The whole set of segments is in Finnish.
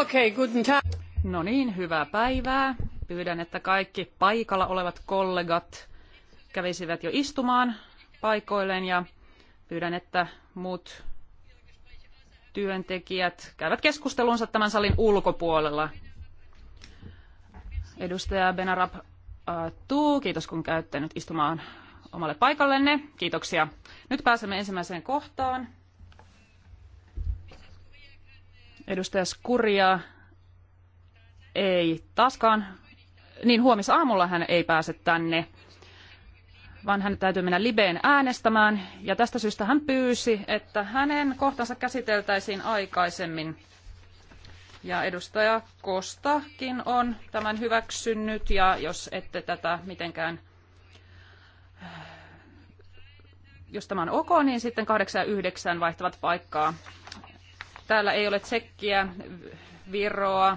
Okay, guten Tag. No niin, hyvää päivää. Pyydän, että kaikki paikalla olevat kollegat kävisivät jo istumaan paikoilleen ja pyydän, että muut työntekijät käyvät keskustelunsa tämän salin ulkopuolella. Edustaja Benarab äh, Tuu, kiitos kun käytte nyt istumaan omalle paikallenne. Kiitoksia. Nyt pääsemme ensimmäiseen kohtaan. Edustaja Skuria ei taaskaan. Niin huomisaamulla hän ei pääse tänne, vaan hän täytyy mennä Libeen äänestämään. Ja tästä syystä hän pyysi, että hänen kohtansa käsiteltäisiin aikaisemmin. Ja edustaja Kostakin on tämän hyväksynyt, ja jos ette tätä mitenkään äh, jos tämä on ok, niin sitten 8 ja 9 vaihtavat paikkaa täällä ei ole Tsekkiä, Viroa,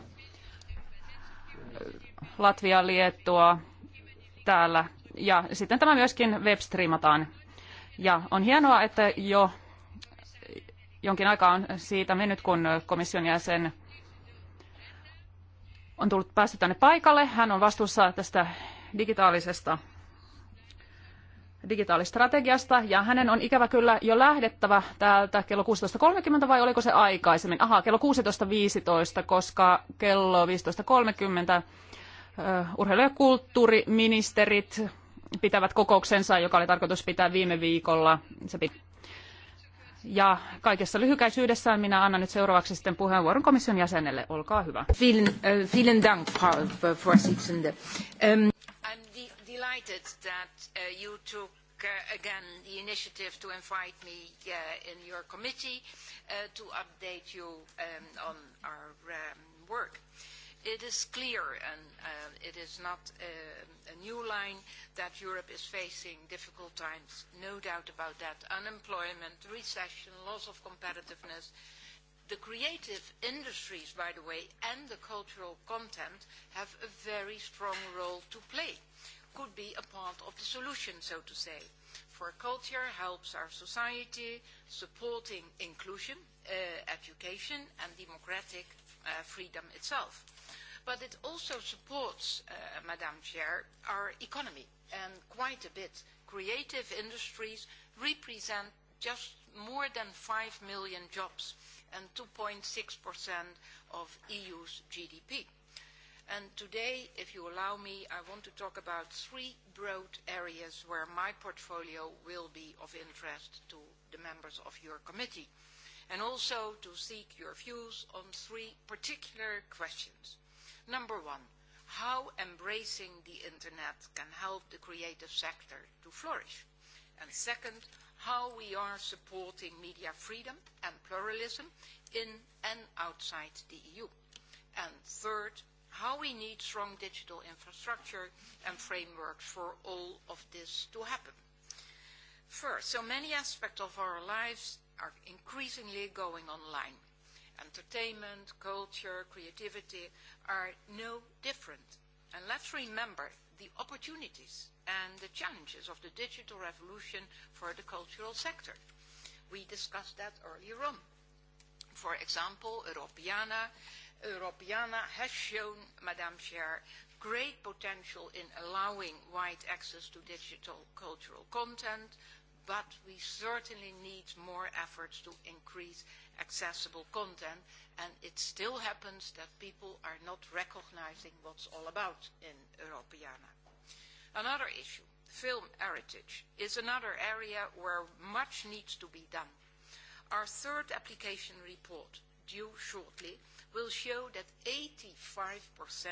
Latvia, Liettua täällä. Ja sitten tämä myöskin webstreamataan. Ja on hienoa, että jo jonkin aikaa on siitä mennyt, kun komission jäsen on tullut päästy tänne paikalle. Hän on vastuussa tästä digitaalisesta digitaalistrategiasta ja hänen on ikävä kyllä jo lähdettävä täältä kello 16.30 vai oliko se aikaisemmin? Aha, kello 16.15, koska kello 15.30 urheilu- ja kulttuuriministerit pitävät kokouksensa, joka oli tarkoitus pitää viime viikolla. Se pit- ja kaikessa lyhykäisyydessään minä annan nyt seuraavaksi sitten puheenvuoron komission jäsenelle. Olkaa hyvä. Vielen, vielen dank, Frau Vorsitzende. I'm delighted that uh, you took uh, again the initiative to invite me uh, in your committee uh, to update you um, on our um, work. It is clear, and uh, it is not a, uh, a new line, that Europe is facing difficult times, no doubt about that. Unemployment, recession, loss of competitiveness, the creative industries, by the way, and the cultural content have a very strong role to play could be a part of the solution, so to say. For culture helps our society supporting inclusion, uh, education and democratic uh, freedom itself. But it also supports, uh, Madam Chair, our economy and quite a bit. Creative industries represent just more than 5 million jobs and 2.6% of EU's GDP. And today, if you allow me, I want to talk about three broad areas where my portfolio will be of interest to the members of your committee, and also to seek your views on three particular questions. Number one, how embracing the Internet can help the creative sector to flourish. And second, how we are supporting media freedom and pluralism in and outside the EU. And third, how we need strong digital infrastructure and frameworks for all of this to happen. First, so many aspects of our lives are increasingly going online. Entertainment, culture, creativity are no different. And let's remember the opportunities and the challenges of the digital revolution for the cultural sector. We discussed that earlier on. For example, Europeana Europeana has shown, Madam Chair, great potential in allowing wide access to digital cultural content, but we certainly need more efforts to increase accessible content, and it still happens that people are not recognizing what's all about in Europeana. Another issue, film heritage, is another area where much needs to be done. Our third application report, due shortly, will show that 85%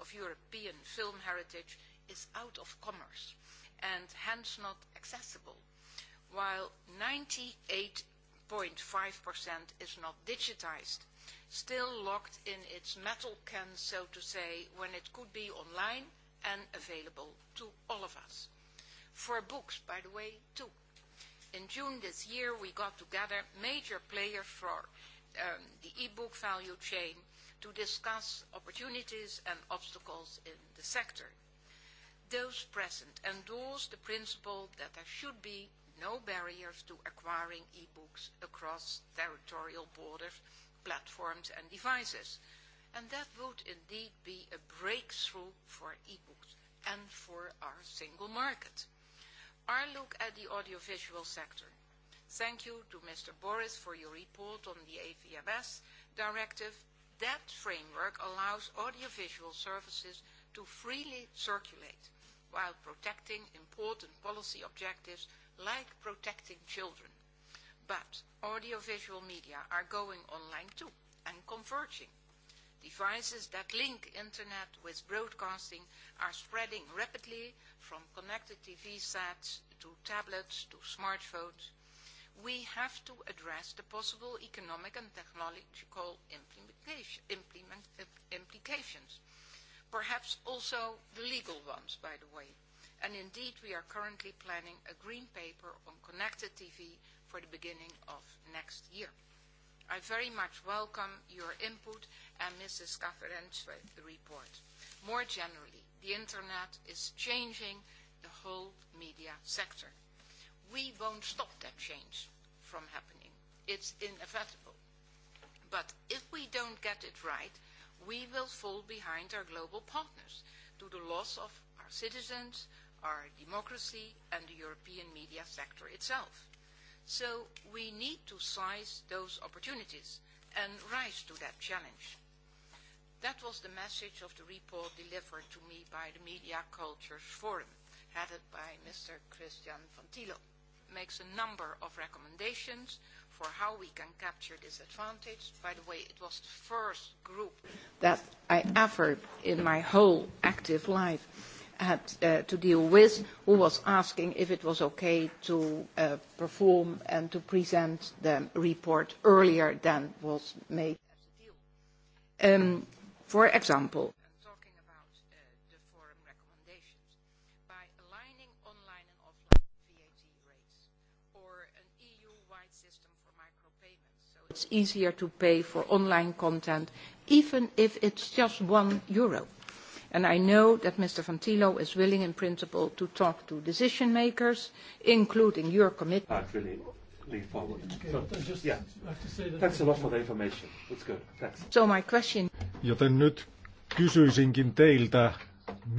of European film heritage is out of commerce and hence not accessible, while 98.5% is not digitized, still locked in its metal can, so to say, when it could be online and available to all of us. For books, by the way, too. In June this year, we got together major players for um, the e-book value chain to discuss opportunities and obstacles in the sector. Those present endorse the principle that there should be no barriers to acquiring e-books across territorial borders, platforms and devices. And that would indeed be a breakthrough for e-books and for our single market. Our look at the audiovisual sector Thank you to Mr. Boris for your report on the AVMS directive. That framework allows audiovisual services to freely circulate while protecting important policy objectives like protecting children. But audiovisual media are going online too and converging. Devices that link internet with broadcasting are spreading rapidly from connected TV sets to tablets to smartphones we have to address the possible economic and technological implication, implement, implications. Perhaps also the legal ones, by the way. And indeed, we are currently planning a green paper on connected TV for the beginning of next year. I very much welcome your input and Mrs. Caferen's report. More generally, the Internet is changing the whole media sector we won't stop that change from happening. It's inevitable. But if we don't get it right, we will fall behind our global partners to the loss of our citizens, our democracy, and the European media sector itself. So we need to seize those opportunities and rise to that challenge. That was the message of the report delivered to me by the Media Cultures Forum, headed by Mr. Christian van makes a number of recommendations for how we can capture this advantage. By the way, it was the first group that I ever in my whole active life had uh, to deal with who was asking if it was okay to uh, perform and to present the report earlier than was made. Um, for example, it's easier to pay for online content, even if it's just one euro. And I know that Mr. Van Tilo is willing in principle to talk to decision makers, including your committee. Not really lean forward. Okay, so, just, yeah. Thanks a lot for the information. It's good. Thanks. So my question... Joten nyt kysyisinkin teiltä,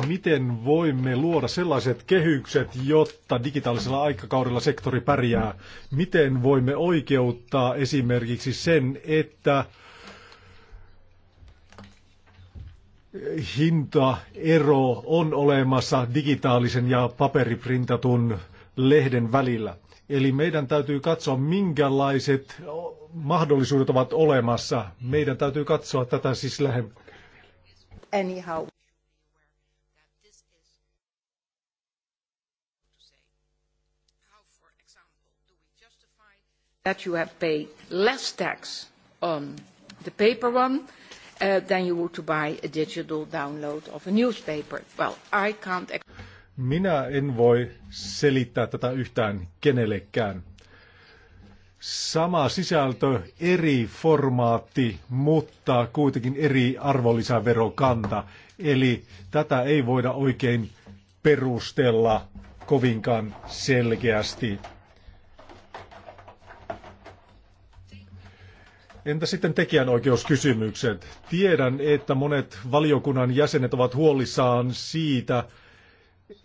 miten voimme luoda sellaiset kehykset, jotta digitaalisella aikakaudella sektori pärjää? Miten voimme oikeuttaa esimerkiksi sen, että hintaero on olemassa digitaalisen ja paperiprintatun lehden välillä? Eli meidän täytyy katsoa, minkälaiset mahdollisuudet ovat olemassa. Meidän täytyy katsoa tätä siis lähemmin. Anyhow. that you have paid less tax on the paper one uh, than you would to buy a digital download of a newspaper. Well, I can't... Minä en voi selittää tätä yhtään kenellekään. Sama sisältö, eri formaatti, mutta kuitenkin eri arvonlisäverokanta. Eli tätä ei voida oikein perustella kovinkaan selkeästi Entä sitten tekijänoikeuskysymykset? Tiedän, että monet valiokunnan jäsenet ovat huolissaan siitä,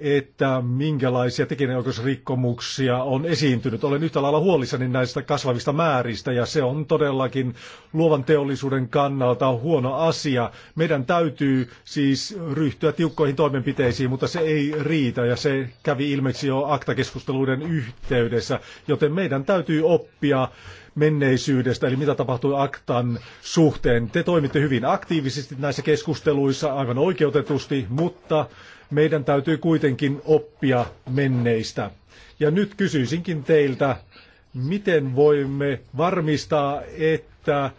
että minkälaisia tekijänoikeusrikkomuksia on esiintynyt. Olen yhtä lailla huolissani näistä kasvavista määristä ja se on todellakin luovan teollisuuden kannalta huono asia. Meidän täytyy siis ryhtyä tiukkoihin toimenpiteisiin, mutta se ei riitä ja se kävi ilmeksi jo aktakeskusteluiden yhteydessä, joten meidän täytyy oppia menneisyydestä, eli mitä tapahtui Aktan suhteen. Te toimitte hyvin aktiivisesti näissä keskusteluissa, aivan oikeutetusti, mutta meidän täytyy kuitenkin oppia menneistä. Ja nyt kysyisinkin teiltä, miten voimme varmistaa, että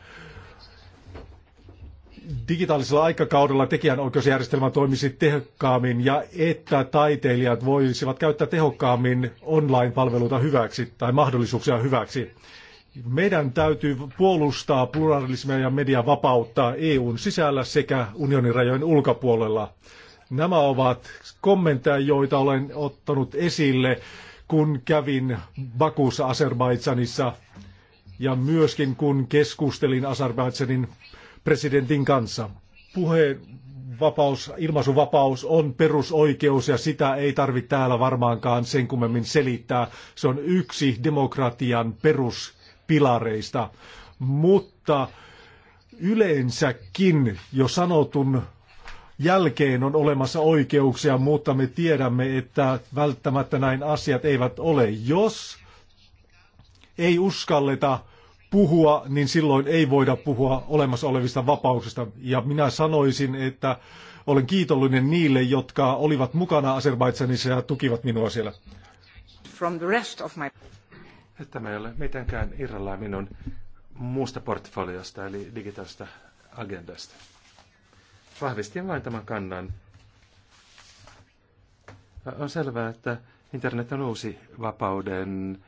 digitaalisella aikakaudella tekijänoikeusjärjestelmä toimisi tehokkaammin ja että taiteilijat voisivat käyttää tehokkaammin online-palveluita hyväksi tai mahdollisuuksia hyväksi. Meidän täytyy puolustaa pluralismia ja median vapautta EUn sisällä sekä unionin rajojen ulkopuolella. Nämä ovat kommentteja, joita olen ottanut esille, kun kävin Bakussa Azerbaidsanissa ja myöskin kun keskustelin Azerbaidsanin presidentin kanssa. Puheenvapaus, vapaus, ilmaisuvapaus on perusoikeus ja sitä ei tarvitse täällä varmaankaan sen kummemmin selittää. Se on yksi demokratian peruspilareista. Mutta yleensäkin jo sanotun jälkeen on olemassa oikeuksia, mutta me tiedämme, että välttämättä näin asiat eivät ole. Jos ei uskalleta puhua, niin silloin ei voida puhua olemassa olevista vapauksista. Ja minä sanoisin, että olen kiitollinen niille, jotka olivat mukana Azerbaidsanissa ja tukivat minua siellä. From the rest of my... Että me ei ole mitenkään irrallaan minun muusta portfoliosta, eli digitaalista agendasta. Vahvistin vain tämän kannan. On selvää, että internet on uusi vapauden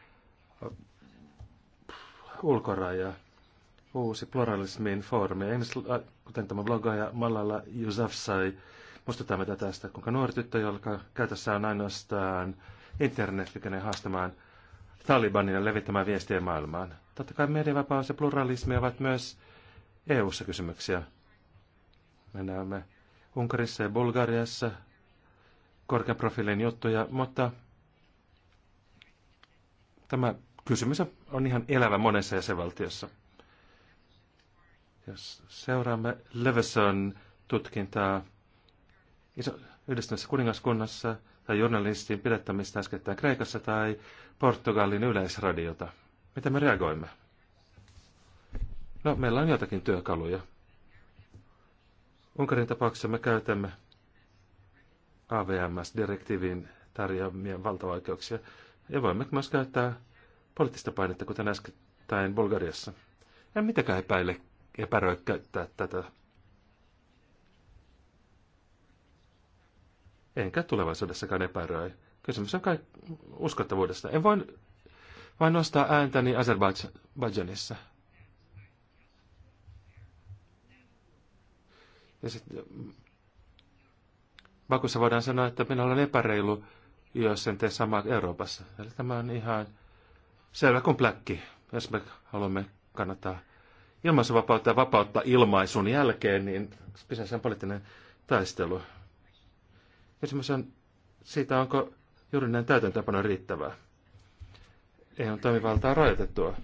ulkoraja, uusi pluralismin foorumi. kuten tämä blogaaja Malala Yousafzai, muistuttaa meitä tästä, kuinka nuori tyttö, joka käytössä on ainoastaan internet, kykenee haastamaan ja levittämään viestiä maailmaan. Totta kai medievapaus ja pluralismi ovat myös EU-ssa kysymyksiä. Me näemme Unkarissa ja Bulgariassa korkean profiilin juttuja, mutta tämä kysymys on ihan elävä monessa jäsenvaltiossa. Jos seuraamme Leveson tutkintaa iso, yhdistyneessä kuningaskunnassa tai journalistin pidettämistä äskettäin Kreikassa tai Portugalin yleisradiota, miten me reagoimme? No, meillä on jotakin työkaluja. Unkarin tapauksessa me käytämme AVMS-direktiivin tarjoamia valtaoikeuksia ja voimme myös käyttää poliittista painetta, kuten äskettäin Bulgariassa. En mitenkään epäile epäröi käyttää tätä. Enkä tulevaisuudessakaan epäröi. Kysymys on kai uskottavuudesta. En voi vain nostaa ääntäni Azerbaidžanissa. Ja sitten mm, Bakussa voidaan sanoa, että minä olen epäreilu, jos en tee samaa Euroopassa. Eli tämä on ihan selvä kuin pläkki, jos me haluamme kannattaa ilmaisuvapautta ja vapautta ilmaisun jälkeen, niin pitäisi sen poliittinen taistelu. Esimerkiksi on siitä, onko näin täytäntöpano riittävää. Ei on toimivaltaa rajoitettua.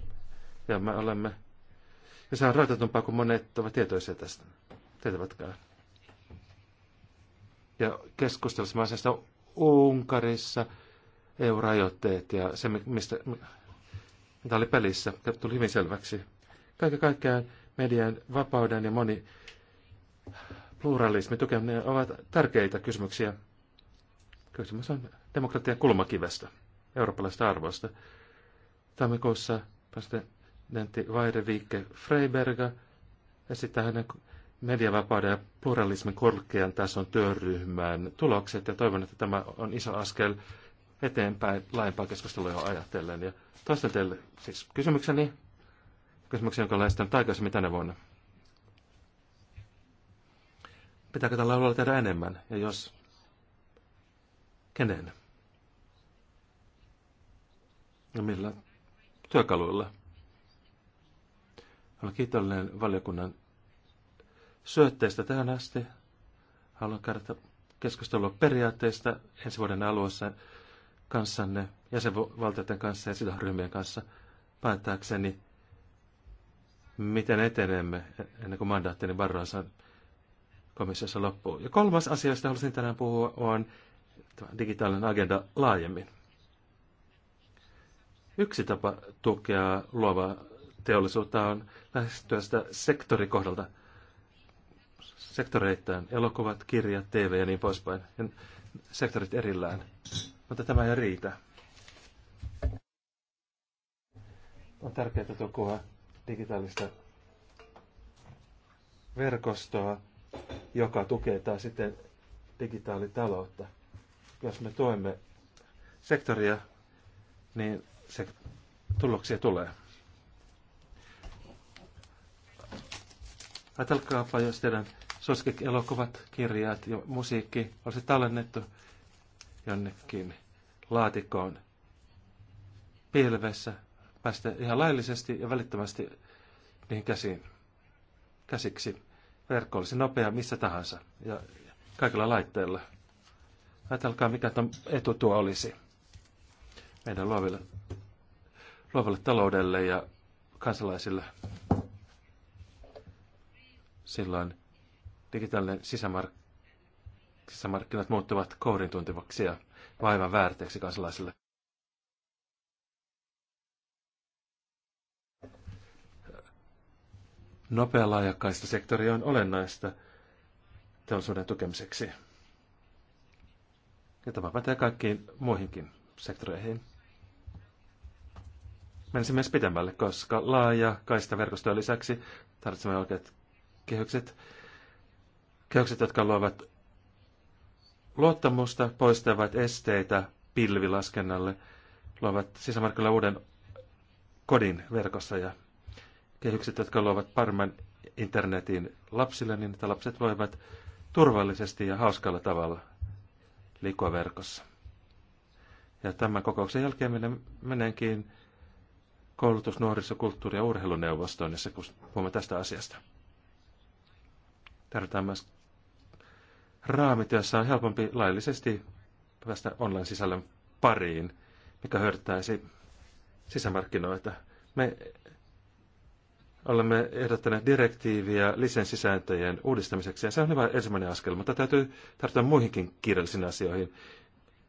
Ja me olemme, ja se on rajoitetumpaa kuin monet ovat tietoisia tästä tietävätkään. Ja mä asiasta Unkarissa, EU-rajoitteet ja se, mistä, mitä oli pelissä, tuli hyvin selväksi. Kaiken kaikkiaan median vapauden ja moni pluralismi tukeminen ovat tärkeitä kysymyksiä. Kysymys on demokratian kulmakivestä, eurooppalaisesta arvoista. Tammikuussa presidentti Vaire Viikke Freiberga esittää hänen mediavapauden ja pluralismin korkean tason työryhmän tulokset ja toivon, että tämä on iso askel eteenpäin laajempaa keskustelua ajatellen. Ja toistan teille siis kysymykseni, kysymyksen, jonka olen esittänyt aikaisemmin tänä vuonna. Pitääkö tällä alueella tehdä enemmän? Ja jos, kenen? Ja millä työkaluilla? Olen kiitollinen valiokunnan syötteistä tähän asti. Haluan käydä keskustelua periaatteista ensi vuoden alussa kanssanne, jäsenvaltioiden kanssa ja sidosryhmien kanssa päättääkseni, miten etenemme ennen kuin mandaattini varroansa komissiossa loppuu. Ja kolmas asia, josta haluaisin tänään puhua, on digitaalinen agenda laajemmin. Yksi tapa tukea luovaa teollisuutta on lähestyä sitä sektorikohdalta – sektoreittain, elokuvat, kirjat, TV ja niin poispäin, ja sektorit erillään. Mutta tämä ei riitä. On tärkeää tukua digitaalista verkostoa, joka tukee taas sitten digitaalitaloutta. Jos me tuemme sektoria, niin se tuloksia tulee. Ajatelkaapa, jos teidän elokuvat, kirjat ja musiikki olisi tallennettu jonnekin laatikoon, pilvessä, päästä ihan laillisesti ja välittömästi niihin käsiin, käsiksi. Verkko olisi nopea missä tahansa ja kaikilla laitteilla. Ajatelkaa, mikä tuon etu tuo olisi meidän luoville, luoville taloudelle ja kansalaisille. Silloin digitaalinen sisämark- sisämarkkinat muuttuvat kourin tuntivaksi ja vaivan väärteeksi kansalaisille. Nopea laajakkaista sektori on olennaista teollisuuden tukemiseksi. Ja tämä pätee kaikkiin muihinkin sektoreihin. Menisimme myös pitemmälle, koska laaja kaistaverkostojen lisäksi tarvitsemme oikeat kehykset Käykset, jotka luovat luottamusta, poistavat esteitä pilvilaskennalle, luovat sisämarkkinoilla uuden kodin verkossa ja kehykset, jotka luovat paremman internetin lapsille, niin että lapset voivat turvallisesti ja hauskalla tavalla liikkua verkossa. Ja tämän kokouksen jälkeen minä menenkin koulutus-, nuoriso-, kulttuuri- ja urheiluneuvostoon, jossa puhumme tästä asiasta. Tarvitaan myös raamit, joissa on helpompi laillisesti päästä online-sisällön pariin, mikä hyödyttäisi sisämarkkinoita. Me olemme ehdottaneet direktiiviä lisenssisääntöjen uudistamiseksi, ja se on hyvä ensimmäinen askel, mutta täytyy tarttua muihinkin kirjallisiin asioihin,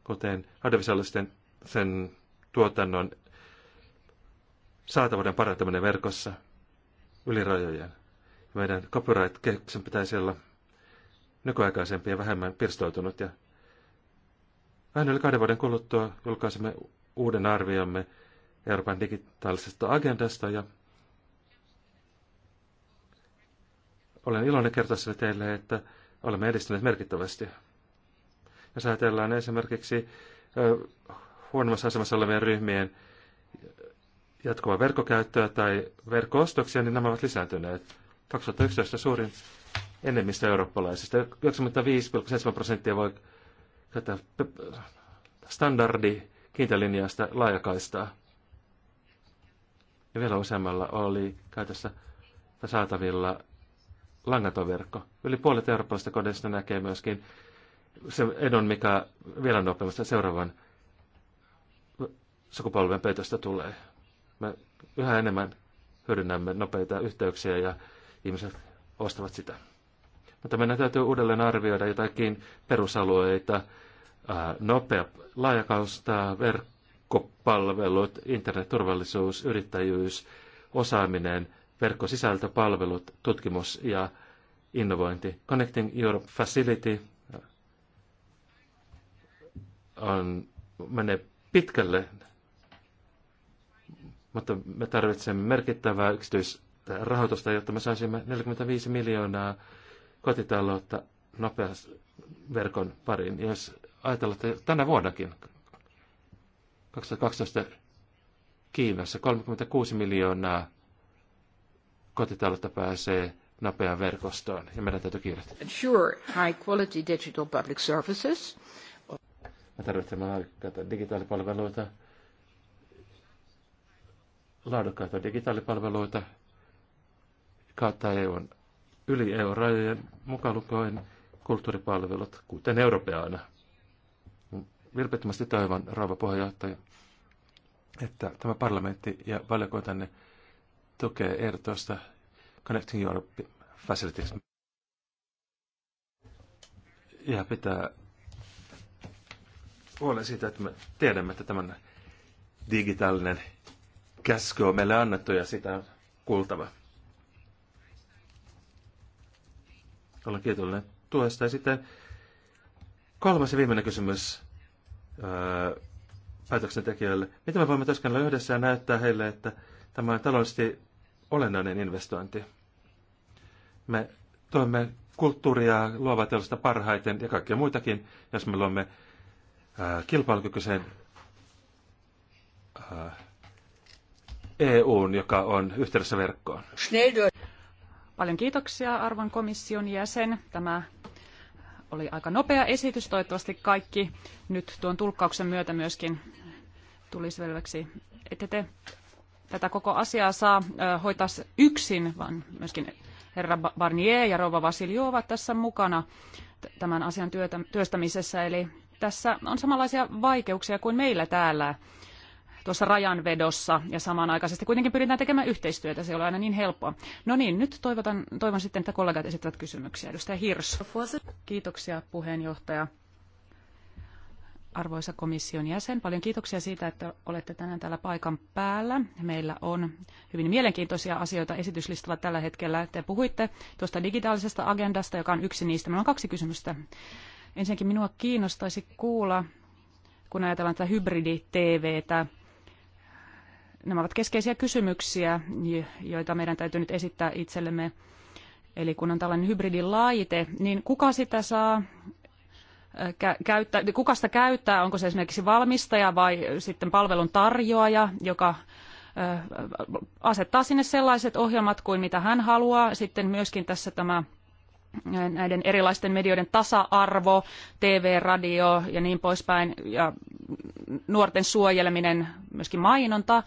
kuten audiovisuaalisten sen tuotannon saatavuuden parantaminen verkossa yli rajojen. Meidän copyright-kehyksen pitäisi olla nykyaikaisempi ja vähemmän pirstoitunut. Ja vähän yli kahden vuoden kuluttua julkaisemme uuden arviomme Euroopan digitaalisesta agendasta ja olen iloinen kertoa teille, että olemme edistyneet merkittävästi. Jos ajatellaan esimerkiksi huonommassa asemassa olevien ryhmien jatkuvaa verkkokäyttöä tai verkkoostoksia, niin nämä ovat lisääntyneet. 2011 suurin enemmistö eurooppalaisista. 95,7 prosenttia voi tätä standardi kiintälinjaista laajakaistaa. Ja vielä useammalla oli käytössä saatavilla langaton verkko. Yli puolet eurooppalaisista kodeista näkee myöskin se edon, mikä vielä nopeammasta seuraavan sukupolven peitosta tulee. Me yhä enemmän hyödynnämme nopeita yhteyksiä ja ihmiset ostavat sitä. Mutta meidän täytyy uudelleen arvioida jotakin perusalueita, nopea laajakausta, verkkopalvelut, internetturvallisuus, yrittäjyys, osaaminen, verkkosisältöpalvelut, tutkimus ja innovointi. Connecting Europe Facility on, menee pitkälle, mutta me tarvitsemme merkittävää yksityis- rahoitusta, jotta me saisimme 45 miljoonaa kotitaloutta nopeasti verkon pariin. Jos ajatellaan, että tänä vuonnakin 2012 Kiinassa 36 miljoonaa kotitaloutta pääsee nopeaan verkostoon ja meidän täytyy kiirehtiä. Sure, high quality digital public services. Me tarvitsemme laadukkaita digitaalipalveluita, laadukkaita digitaalipalveluita, kautta EUn yli EU-rajojen mukaan lukoin kulttuuripalvelut, kuten europeana. Vilpittömästi toivon, rouva puheenjohtaja, että tämä parlamentti ja valiokuntanne tukee ehdotusta Connecting Europe Facilities. Ja pitää huolen siitä, että me tiedämme, että tämän digitaalinen käsky on meille annettu ja sitä on kuultava. Olen kiitollinen tuesta. Ja sitten kolmas ja viimeinen kysymys päätöksentekijöille. Miten me voimme työskennellä yhdessä ja näyttää heille, että tämä on taloudellisesti olennainen investointi? Me toimme kulttuuria, luovaa teollista parhaiten ja kaikkia muitakin, jos me luomme ää, kilpailukykyisen ää, EUn, joka on yhteydessä verkkoon. Paljon kiitoksia arvon komission jäsen. Tämä oli aika nopea esitys. Toivottavasti kaikki nyt tuon tulkkauksen myötä myöskin tuli selväksi. että te tätä koko asiaa saa hoitaa yksin, vaan myöskin herra Barnier ja rouva Vasiljo ovat tässä mukana tämän asian työtä, työstämisessä. Eli tässä on samanlaisia vaikeuksia kuin meillä täällä tuossa rajanvedossa ja samanaikaisesti kuitenkin pyritään tekemään yhteistyötä, se ei ole aina niin helppoa. No niin, nyt toivotan, toivon sitten, että kollegat esittävät kysymyksiä. Edustaja Hirs. Kiitoksia puheenjohtaja. Arvoisa komission jäsen, paljon kiitoksia siitä, että olette tänään täällä paikan päällä. Meillä on hyvin mielenkiintoisia asioita esityslistalla tällä hetkellä. Te puhuitte tuosta digitaalisesta agendasta, joka on yksi niistä. Meillä on kaksi kysymystä. Ensinnäkin minua kiinnostaisi kuulla, kun ajatellaan tätä hybridi-TVtä, Nämä ovat keskeisiä kysymyksiä, joita meidän täytyy nyt esittää itsellemme. Eli kun on tällainen hybridilaite, niin kuka sitä saa äh, käyttää, kuka sitä käyttää, onko se esimerkiksi valmistaja vai sitten palvelun tarjoaja, joka äh, asettaa sinne sellaiset ohjelmat kuin mitä hän haluaa. Sitten myöskin tässä tämä näiden erilaisten medioiden tasa-arvo, TV, radio ja niin poispäin, ja nuorten suojeleminen, myöskin mainonta.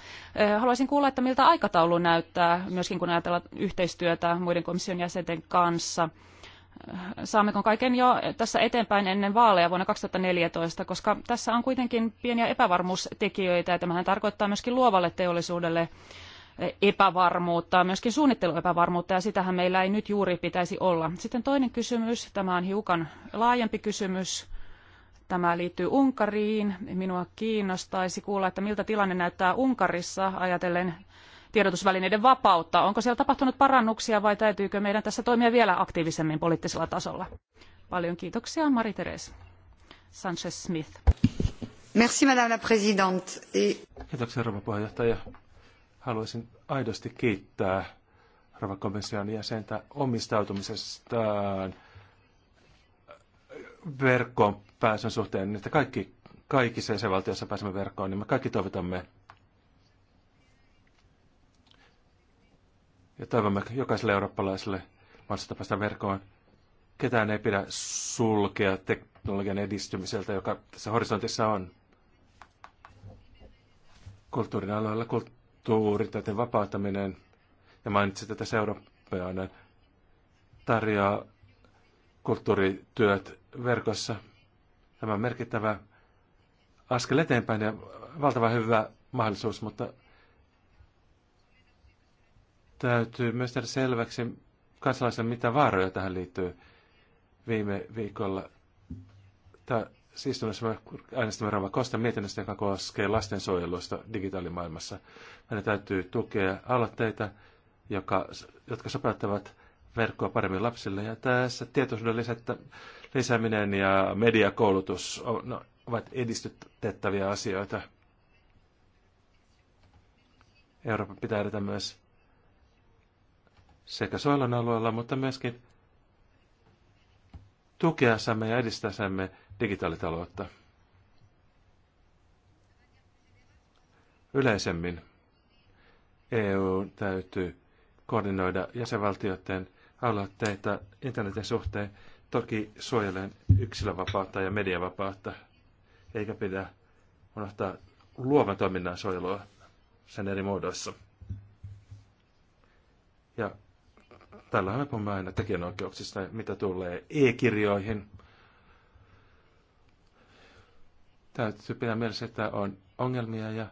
Haluaisin kuulla, että miltä aikataulu näyttää, myöskin kun ajatellaan yhteistyötä muiden komission jäsenten kanssa. Saammeko kaiken jo tässä eteenpäin ennen vaaleja vuonna 2014, koska tässä on kuitenkin pieniä epävarmuustekijöitä, ja tämähän tarkoittaa myöskin luovalle teollisuudelle epävarmuutta, myöskin suunnitteluepävarmuutta, ja sitähän meillä ei nyt juuri pitäisi olla. Sitten toinen kysymys, tämä on hiukan laajempi kysymys. Tämä liittyy Unkariin. Minua kiinnostaisi kuulla, että miltä tilanne näyttää Unkarissa ajatellen tiedotusvälineiden vapautta. Onko siellä tapahtunut parannuksia vai täytyykö meidän tässä toimia vielä aktiivisemmin poliittisella tasolla? Paljon kiitoksia, Mari Teres. Sanchez Smith. Merci, Madame la Présidente. Et... Kiitoksia, rouva puheenjohtaja haluaisin aidosti kiittää Rova jäsentä omistautumisestaan verkkoon pääsyn suhteen, että kaikki, kaikissa jäsenvaltioissa pääsemme verkkoon, niin me kaikki toivotamme ja toivomme jokaiselle eurooppalaiselle mahdollisuutta päästä verkkoon. Ketään ei pidä sulkea teknologian edistymiseltä, joka tässä horisontissa on. Kulttuurin aloilla kult- täten vapauttaminen, ja mainitsit, tätä seurapäinen tarjoaa kulttuurityöt verkossa. Tämä on merkittävä askel eteenpäin ja valtava hyvä mahdollisuus, mutta täytyy myös tehdä selväksi kansalaisille, mitä vaaroja tähän liittyy. Viime viikolla Tämä siis äänestämme Rava Kosta mietinnöstä, joka koskee lastensuojelusta digitaalimaailmassa. Meidän täytyy tukea aloitteita, joka, jotka sopeuttavat verkkoa paremmin lapsille. Ja tässä tietoisuuden lisättä, lisääminen ja mediakoulutus no, ovat edistettäviä asioita. Eurooppa pitää edetä myös sekä soilan alueella, mutta myöskin tukeasamme ja edistäsämme digitaalitaloutta. Yleisemmin EU täytyy koordinoida jäsenvaltioiden aloitteita internetin suhteen, toki suojelen yksilövapautta ja mediavapautta, eikä pidä unohtaa luovan toiminnan suojelua sen eri muodoissa. Ja tällä me puhumme aina tekijänoikeuksista, mitä tulee e-kirjoihin – Täytyy pitää mielessä, että on ongelmia ja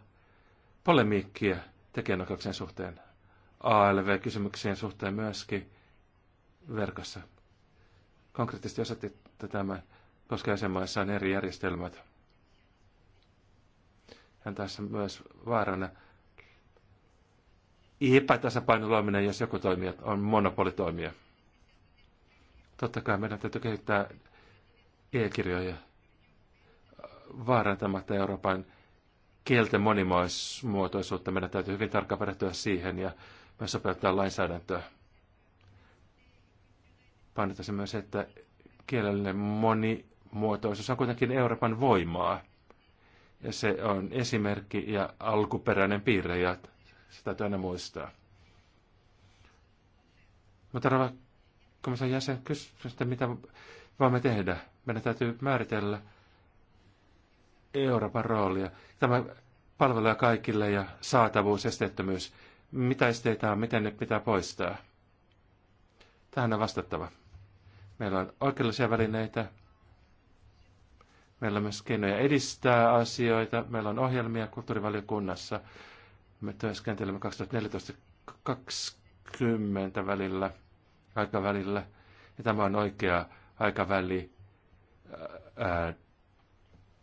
polemiikkia tekijänoikeuksien suhteen, ALV-kysymyksien suhteen myöskin verkossa. Konkreettisesti osoititte tämän, koska jäsenmaissa on eri järjestelmät. Hän tässä myös vaarana epätasapainon luominen, jos joku toimija on monopolitoimija. Totta kai meidän täytyy kehittää e-kirjoja vaarantamatta Euroopan kielten monimuotoisuutta. Meidän täytyy hyvin tarkkaan perehtyä siihen ja myös sopeuttaa lainsäädäntöä. Painottaisin myös, että kielellinen monimuotoisuus on kuitenkin Euroopan voimaa. Ja se on esimerkki ja alkuperäinen piirre, ja sitä täytyy aina muistaa. Mutta rouva komission jäsen, kysy, mitä voimme tehdä. Meidän täytyy määritellä Euroopan roolia. Tämä palveluja kaikille ja saatavuus, esteettömyys. Mitä esteitä on, miten ne pitää poistaa? Tähän on vastattava. Meillä on oikeudellisia välineitä, meillä on myös keinoja edistää asioita, meillä on ohjelmia kulttuurivaliokunnassa. Me työskentelemme 2014-2020 välillä, aikavälillä, ja tämä on oikea aikaväli ää,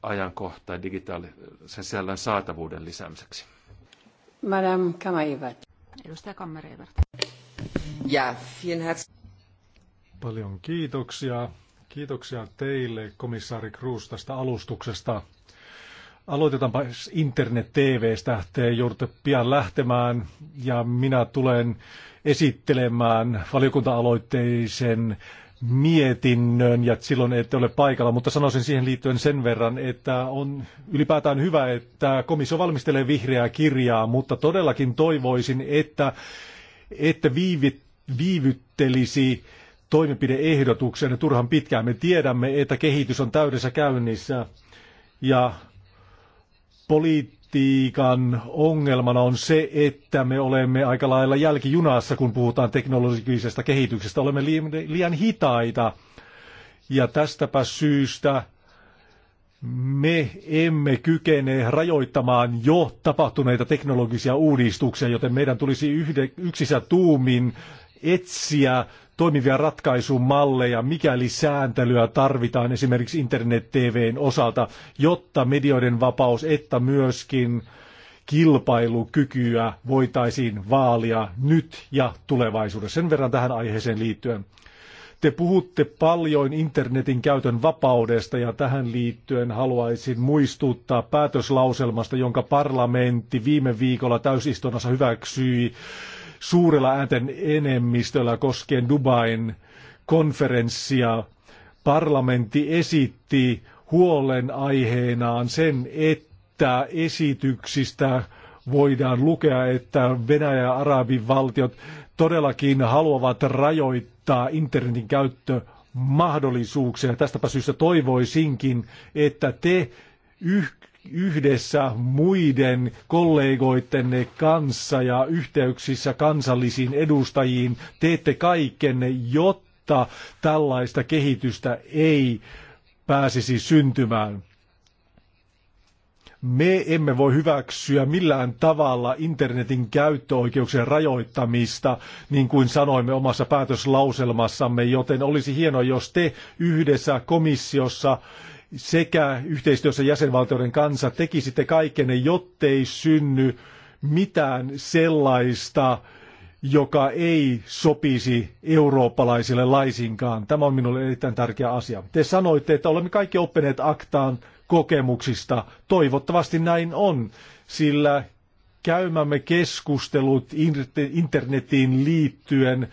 ajankohtaa digitaalisen sisällön saatavuuden lisäämiseksi. Madame Kammerevert. Edustaja Kammerevert. Ja, herz- Paljon kiitoksia. Kiitoksia teille, komissaari Kruus, tästä alustuksesta. Aloitetaanpa internet-tvstä. Te joudutte pian lähtemään ja minä tulen esittelemään valiokunta-aloitteisen mietinnön ja silloin ette ole paikalla, mutta sanoisin siihen liittyen sen verran, että on ylipäätään hyvä, että komissio valmistelee vihreää kirjaa, mutta todellakin toivoisin, että, että viivit, viivyttelisi toimenpideehdotuksen turhan pitkään. Me tiedämme, että kehitys on täydessä käynnissä ja politiikan ongelmana on se, että me olemme aika lailla jälkijunassa, kun puhutaan teknologisesta kehityksestä. Olemme liian hitaita. Ja tästäpä syystä me emme kykene rajoittamaan jo tapahtuneita teknologisia uudistuksia, joten meidän tulisi yhde, yksissä tuumin etsiä toimivia ratkaisumalleja, mikäli sääntelyä tarvitaan esimerkiksi internet-tvn osalta, jotta medioiden vapaus, että myöskin kilpailukykyä voitaisiin vaalia nyt ja tulevaisuudessa. Sen verran tähän aiheeseen liittyen. Te puhutte paljon internetin käytön vapaudesta ja tähän liittyen haluaisin muistuttaa päätöslauselmasta, jonka parlamentti viime viikolla täysistunnossa hyväksyi suurella äänten enemmistöllä koskien Dubain konferenssia. Parlamentti esitti huolenaiheenaan sen, että esityksistä voidaan lukea, että Venäjä ja Arabin valtiot todellakin haluavat rajoittaa internetin käyttö mahdollisuuksia. Tästäpä syystä toivoisinkin, että te yh- yhdessä muiden kollegoittenne kanssa ja yhteyksissä kansallisiin edustajiin teette kaikkenne, jotta tällaista kehitystä ei pääsisi syntymään. Me emme voi hyväksyä millään tavalla internetin käyttöoikeuksien rajoittamista, niin kuin sanoimme omassa päätöslauselmassamme, joten olisi hienoa, jos te yhdessä komissiossa äh, sekä yhteistyössä jäsenvaltioiden kanssa tekisitte kaikenne, jottei synny mitään sellaista, joka ei sopisi eurooppalaisille laisinkaan. Tämä on minulle erittäin tärkeä asia. Te sanoitte, että olemme kaikki oppineet aktaan kokemuksista. Toivottavasti näin on, sillä käymämme keskustelut internetiin liittyen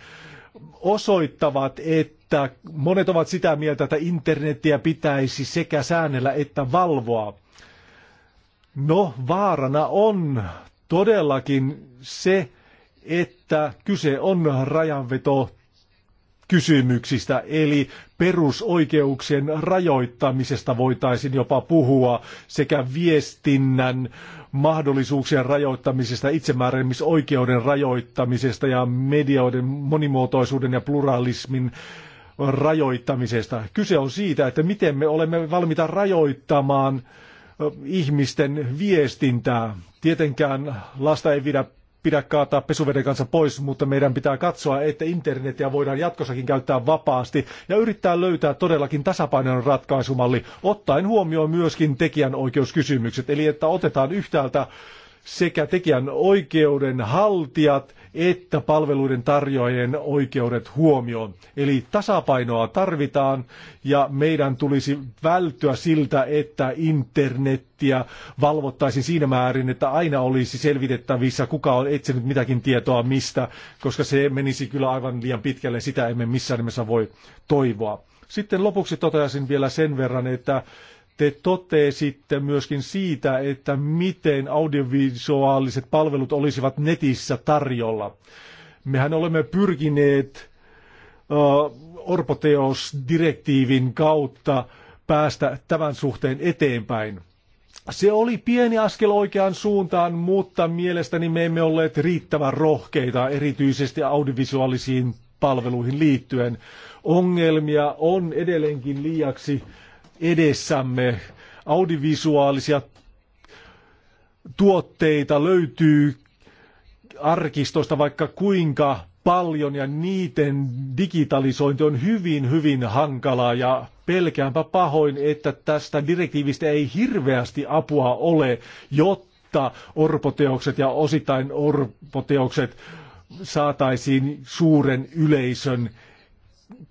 osoittavat, että että monet ovat sitä mieltä, että internettiä pitäisi sekä säännellä että valvoa. No, vaarana on todellakin se, että kyse on rajanveto kysymyksistä, eli perusoikeuksien rajoittamisesta voitaisiin jopa puhua, sekä viestinnän mahdollisuuksien rajoittamisesta, itsemääräämisoikeuden rajoittamisesta ja medioiden monimuotoisuuden ja pluralismin äh, rajoittamisesta. Kyse on siitä, että miten me olemme valmiita rajoittamaan ihmisten viestintää. Tietenkään lasta ei pidä, pidä kaataa pesuveden kanssa pois, mutta meidän pitää katsoa, että internetiä voidaan jatkossakin käyttää vapaasti ja yrittää löytää todellakin tasapainon ratkaisumalli, ottaen huomioon myöskin tekijänoikeuskysymykset. Eli että otetaan yhtäältä sekä tekijän oikeuden haltijat että palveluiden tarjoajien oikeudet huomioon. Eli tasapainoa tarvitaan ja meidän tulisi välttyä siltä, että internettiä valvottaisiin siinä määrin, että aina olisi selvitettävissä, kuka on etsinyt mitäkin tietoa mistä, koska se menisi kyllä aivan liian pitkälle, sitä emme missään nimessä voi toivoa. Sitten lopuksi toteaisin vielä sen verran, että te totesitte myöskin siitä, että miten audiovisuaaliset palvelut olisivat netissä tarjolla. Mehän olemme pyrkineet äh, orpoteosdirektiivin kautta päästä tämän suhteen eteenpäin. Se oli pieni askel oikeaan suuntaan, mutta mielestäni me emme olleet riittävän rohkeita, erityisesti audiovisuaalisiin palveluihin liittyen. Ongelmia on edelleenkin liiaksi edessämme. Audivisuaalisia tuotteita löytyy arkistosta vaikka kuinka paljon ja niiden digitalisointi on hyvin, hyvin hankalaa ja pelkäänpä pahoin, että tästä direktiivistä ei hirveästi apua ole, jotta orpoteokset ja osittain orpoteokset saataisiin suuren yleisön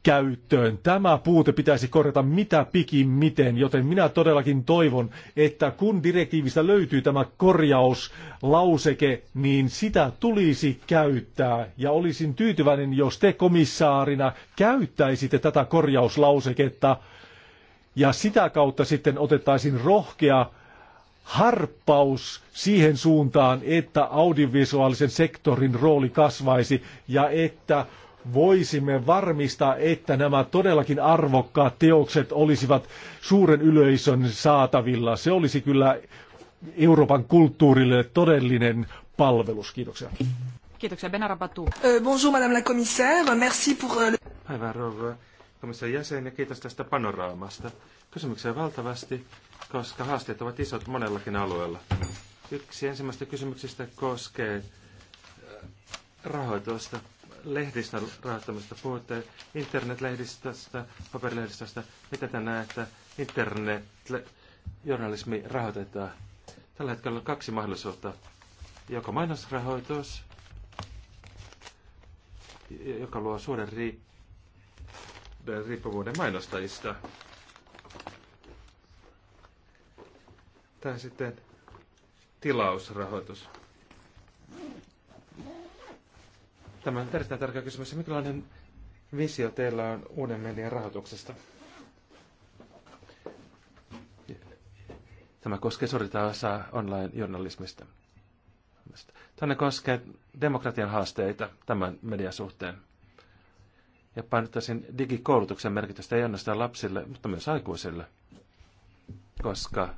käyttöön. Tämä puute pitäisi korjata mitä pikin miten, joten minä todellakin toivon, että kun direktiivistä löytyy tämä korjauslauseke, niin sitä tulisi käyttää. Ja olisin tyytyväinen, jos te komissaarina käyttäisitte tätä korjauslauseketta ja sitä kautta sitten otettaisiin rohkea harppaus siihen suuntaan, että audiovisuaalisen sektorin rooli kasvaisi ja että voisimme varmistaa, että nämä todellakin arvokkaat teokset olisivat suuren yleisön saatavilla. Se olisi kyllä Euroopan kulttuurille todellinen palvelus. Kiitoksia. Kiitoksia. Benara Batu. Uh, bonjour madame la commissaire. Merci pour... Päivän rouva komission jäsen ja kiitos tästä panoraamasta. Kysymyksiä valtavasti, koska haasteet ovat isot monellakin alueella. Yksi ensimmäistä kysymyksistä koskee rahoitusta lehdistön rahoittamista, puhutte internetlehdistöstä, paperilehdistöstä. Mitä te näette, internetjournalismi rahoitetaan? Tällä hetkellä on kaksi mahdollisuutta. Joko mainosrahoitus, joka luo suuren ri- riippuvuuden mainostajista. Tai sitten tilausrahoitus. Tämä on erittäin tärkeä kysymys. Minkälainen visio teillä on uuden median rahoituksesta? Tämä koskee suurinta osaa online-journalismista. Tänne koskee demokratian haasteita tämän median suhteen. Ja painottaisin digikoulutuksen merkitystä ei ainoastaan lapsille, mutta myös aikuisille. Koska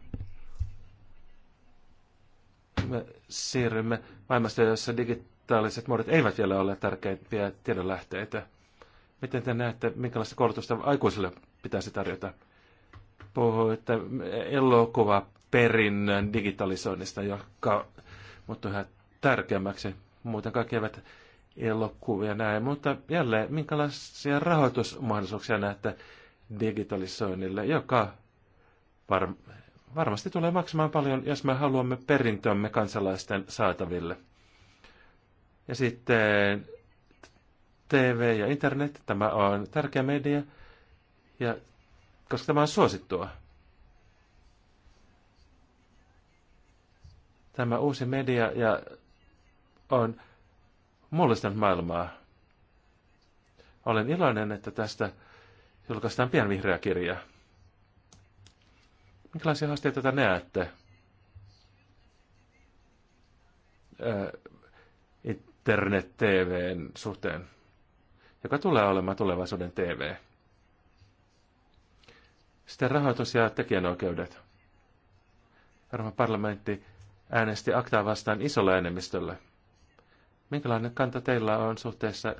me siirrymme maailmasta, jossa digit digitaaliset muodot eivät vielä ole tärkeimpiä tiedonlähteitä. Miten te näette, minkälaista koulutusta aikuisille pitäisi tarjota? että elokuva perinnön digitalisoinnista, joka muuttuu yhä tärkeämmäksi. Muuten kaikki eivät elokuvia näe, mutta jälleen minkälaisia rahoitusmahdollisuuksia näette digitalisoinnille, joka var- varmasti tulee maksamaan paljon, jos me haluamme perintömme kansalaisten saataville. Ja sitten TV ja internet, tämä on tärkeä media, ja, koska tämä on suosittua. Tämä uusi media ja on mullistanut maailmaa. Olen iloinen, että tästä julkaistaan pienvihreä kirja. Minkälaisia haasteita tätä näette? Öö, internet-TVn suhteen, joka tulee olemaan tulevaisuuden TV. Sitten rahoitus ja tekijänoikeudet. Euroopan parlamentti äänesti aktaa vastaan isolla enemmistöllä. Minkälainen kanta teillä on suhteessa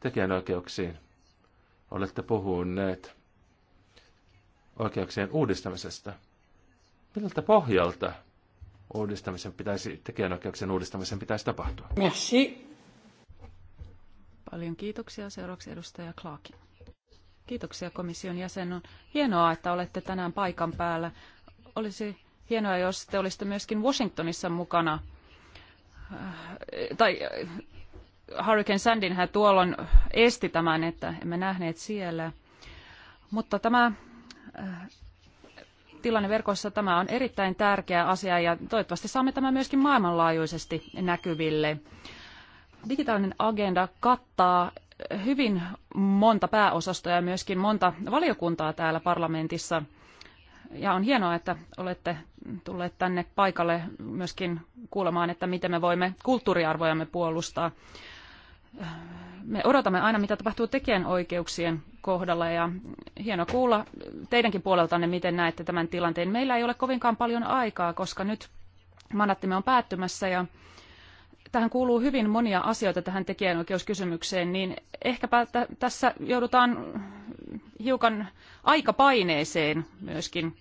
tekijänoikeuksiin? Olette puhuneet oikeuksien uudistamisesta. Miltä pohjalta uudistamisen pitäisi, tekijänoikeuksien uudistamisen pitäisi tapahtua? Merci. Paljon kiitoksia. Seuraavaksi edustaja Clarkin. Kiitoksia komission jäsen. On hienoa, että olette tänään paikan päällä. Olisi hienoa, jos te olisitte myöskin Washingtonissa mukana. Äh, tai äh, Hurricane hän tuolloin esti tämän, että emme nähneet siellä. Mutta tämä äh, tilanne verkossa tämä on erittäin tärkeä asia ja toivottavasti saamme tämän myöskin maailmanlaajuisesti näkyville digitaalinen agenda kattaa hyvin monta pääosastoa ja myöskin monta valiokuntaa täällä parlamentissa. Ja on hienoa, että olette tulleet tänne paikalle myöskin kuulemaan, että miten me voimme kulttuuriarvojamme puolustaa. Me odotamme aina, mitä tapahtuu tekijänoikeuksien kohdalla ja hieno kuulla teidänkin puoleltanne, miten näette tämän tilanteen. Meillä ei ole kovinkaan paljon aikaa, koska nyt mandattimme on päättymässä ja tähän kuuluu hyvin monia asioita tähän tekijänoikeuskysymykseen, niin ehkäpä tässä joudutaan hiukan aikapaineeseen myöskin.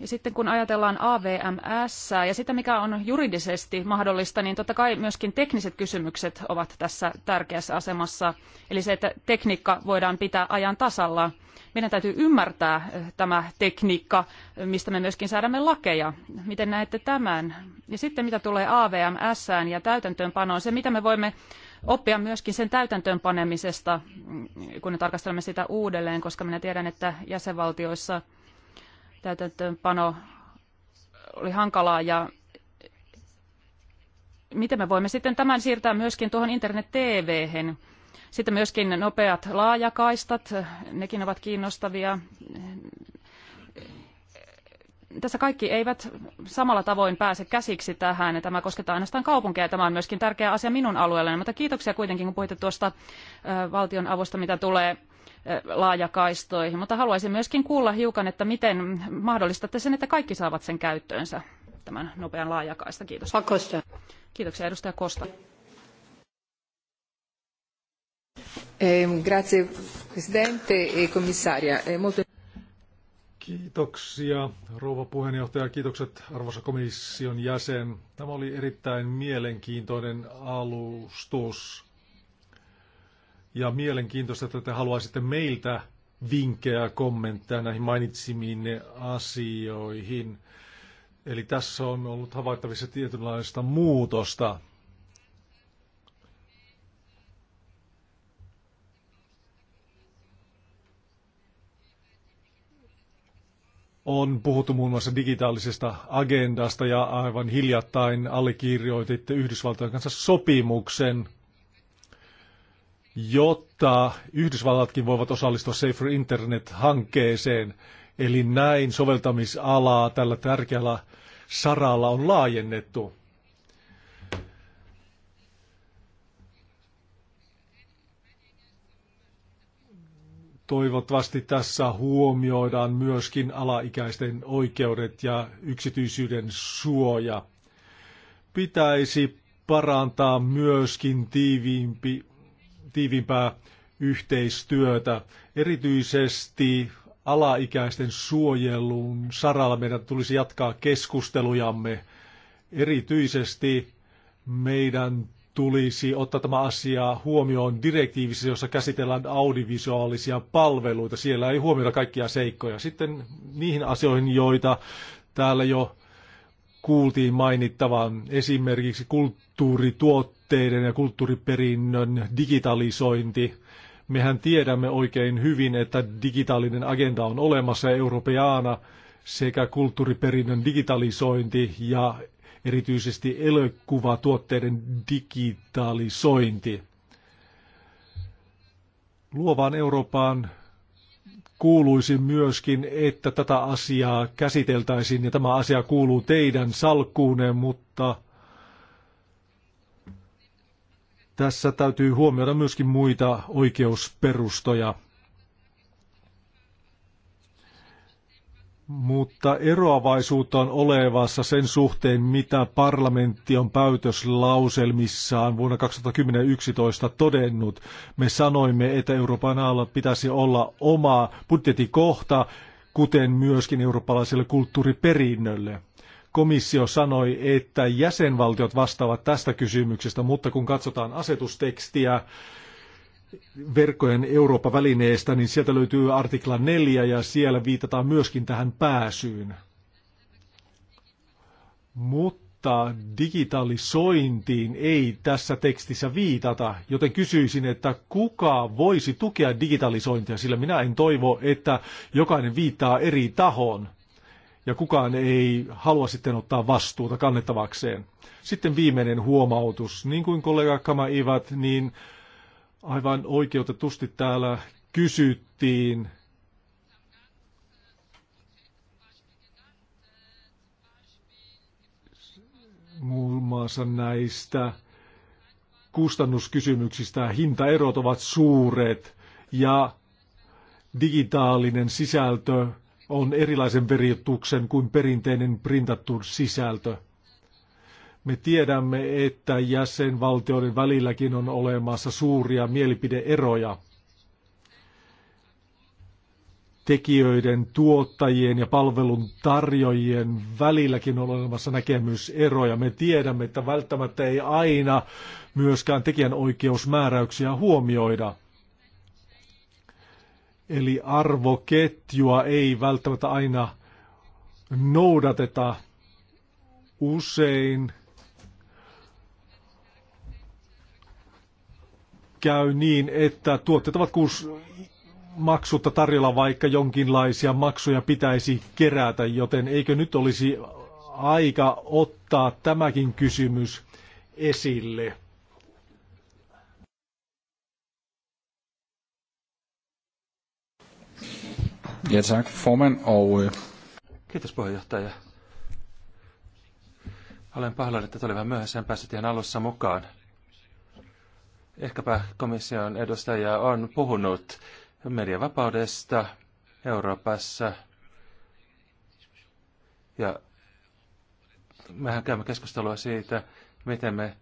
Ja sitten kun ajatellaan AVMS ja sitä, mikä on juridisesti mahdollista, niin totta kai myöskin tekniset kysymykset ovat tässä tärkeässä asemassa. Eli se, että tekniikka voidaan pitää ajan tasalla – meidän täytyy ymmärtää eh, tämä tekniikka, eh, mistä me myöskin säädämme lakeja. Miten näette tämän? Ja sitten mitä tulee AVMS ja täytäntöönpanoon, se mitä me voimme oppia myöskin sen täytäntöönpanemisesta, mm, kun me tarkastelemme sitä uudelleen, koska minä tiedän, että jäsenvaltioissa täytäntöönpano oli hankalaa ja miten me voimme sitten tämän siirtää myöskin tuohon internet tv hen sitten myöskin nopeat laajakaistat, nekin ovat kiinnostavia. Tässä kaikki eivät samalla tavoin pääse käsiksi tähän, ja tämä koskettaa ainoastaan kaupunkeja. Tämä on myöskin tärkeä asia minun alueelleni, mutta kiitoksia kuitenkin, kun puhuitte tuosta valtion avusta, mitä tulee laajakaistoihin, mutta haluaisin myöskin kuulla hiukan, että miten mahdollistatte sen, että kaikki saavat sen käyttöönsä, tämän nopean laajakaista. Kiitos. Kiitoksia edustaja Kosta. Ehm, grazie Presidente e Commissaria. Kiitoksia rouva puheenjohtaja, kiitokset arvoisa komission jäsen. Tämä oli erittäin mielenkiintoinen alustus ja mielenkiintoista, että te haluaisitte meiltä vinkkejä ja kommentteja näihin mainitsimiin asioihin. Eli tässä on ollut havaittavissa tietynlaista muutosta. on puhuttu muun muassa digitaalisesta agendasta ja aivan hiljattain allekirjoititte Yhdysvaltojen kanssa sopimuksen, jotta Yhdysvallatkin voivat osallistua Safer Internet-hankkeeseen. Eli näin soveltamisalaa tällä tärkeällä saralla on laajennettu. Toivottavasti tässä huomioidaan myöskin alaikäisten oikeudet ja yksityisyyden suoja. Pitäisi parantaa myöskin tiiviimpi, tiiviimpää yhteistyötä. Erityisesti alaikäisten suojelun saralla meidän tulisi jatkaa keskustelujamme. Erityisesti meidän tulisi ottaa tämä asia huomioon direktiivissä, jossa käsitellään audiovisuaalisia palveluita. Siellä ei huomioida kaikkia seikkoja. Sitten niihin asioihin, joita täällä jo kuultiin mainittavan, esimerkiksi kulttuurituotteiden ja kulttuuriperinnön digitalisointi. Mehän tiedämme oikein hyvin, että digitaalinen agenda on olemassa ja europeana sekä kulttuuriperinnön digitalisointi ja erityisesti elokuvatuotteiden digitalisointi. Luovaan Eurooppaan kuuluisi myöskin, että tätä asiaa käsiteltäisiin ja tämä asia kuuluu teidän salkkuunne, mutta tässä täytyy huomioida myöskin muita oikeusperustoja. mutta eroavaisuutta on olevassa sen suhteen, mitä parlamentti on päätöslauselmissaan vuonna 2011 todennut. Me sanoimme, että Euroopan alla pitäisi olla oma budjetikohta, kuten myöskin eurooppalaiselle kulttuuriperinnölle. Komissio sanoi, että jäsenvaltiot vastaavat tästä kysymyksestä, mutta kun katsotaan asetustekstiä, verkkojen Eurooppa-välineestä, niin sieltä löytyy artikla 4 ja siellä viitataan myöskin tähän pääsyyn. Mutta digitalisointiin ei tässä tekstissä viitata, joten kysyisin, että kuka voisi tukea digitalisointia, sillä minä en toivo, että jokainen viittaa eri tahoon ja kukaan ei halua sitten ottaa vastuuta kannettavakseen. Sitten viimeinen huomautus. Niin kuin kollega Kama Ivat, niin Aivan oikeutetusti täällä kysyttiin muun muassa näistä kustannuskysymyksistä. Hintaerot ovat suuret ja digitaalinen sisältö on erilaisen verituksen kuin perinteinen printattu sisältö. Me tiedämme, että jäsenvaltioiden välilläkin on olemassa suuria mielipideeroja tekijöiden, tuottajien ja palvelun tarjoajien välilläkin on olemassa näkemyseroja. Me tiedämme, että välttämättä ei aina myöskään tekijänoikeusmääräyksiä huomioida. Eli arvoketjua ei välttämättä aina noudateta. Usein käy niin, että tuotteet ovat kuus maksutta tarjolla, vaikka jonkinlaisia maksuja pitäisi kerätä, joten eikö nyt olisi aika ottaa tämäkin kysymys esille? Ja tak, formand, og... Øh, Kiitos puheenjohtaja. Olen pahoillani, että tuli vähän myöhässä, en päässyt ihan alussa mukaan. Ehkäpä komission edustaja on puhunut mediavapaudesta Euroopassa. Ja mehän käymme keskustelua siitä, miten me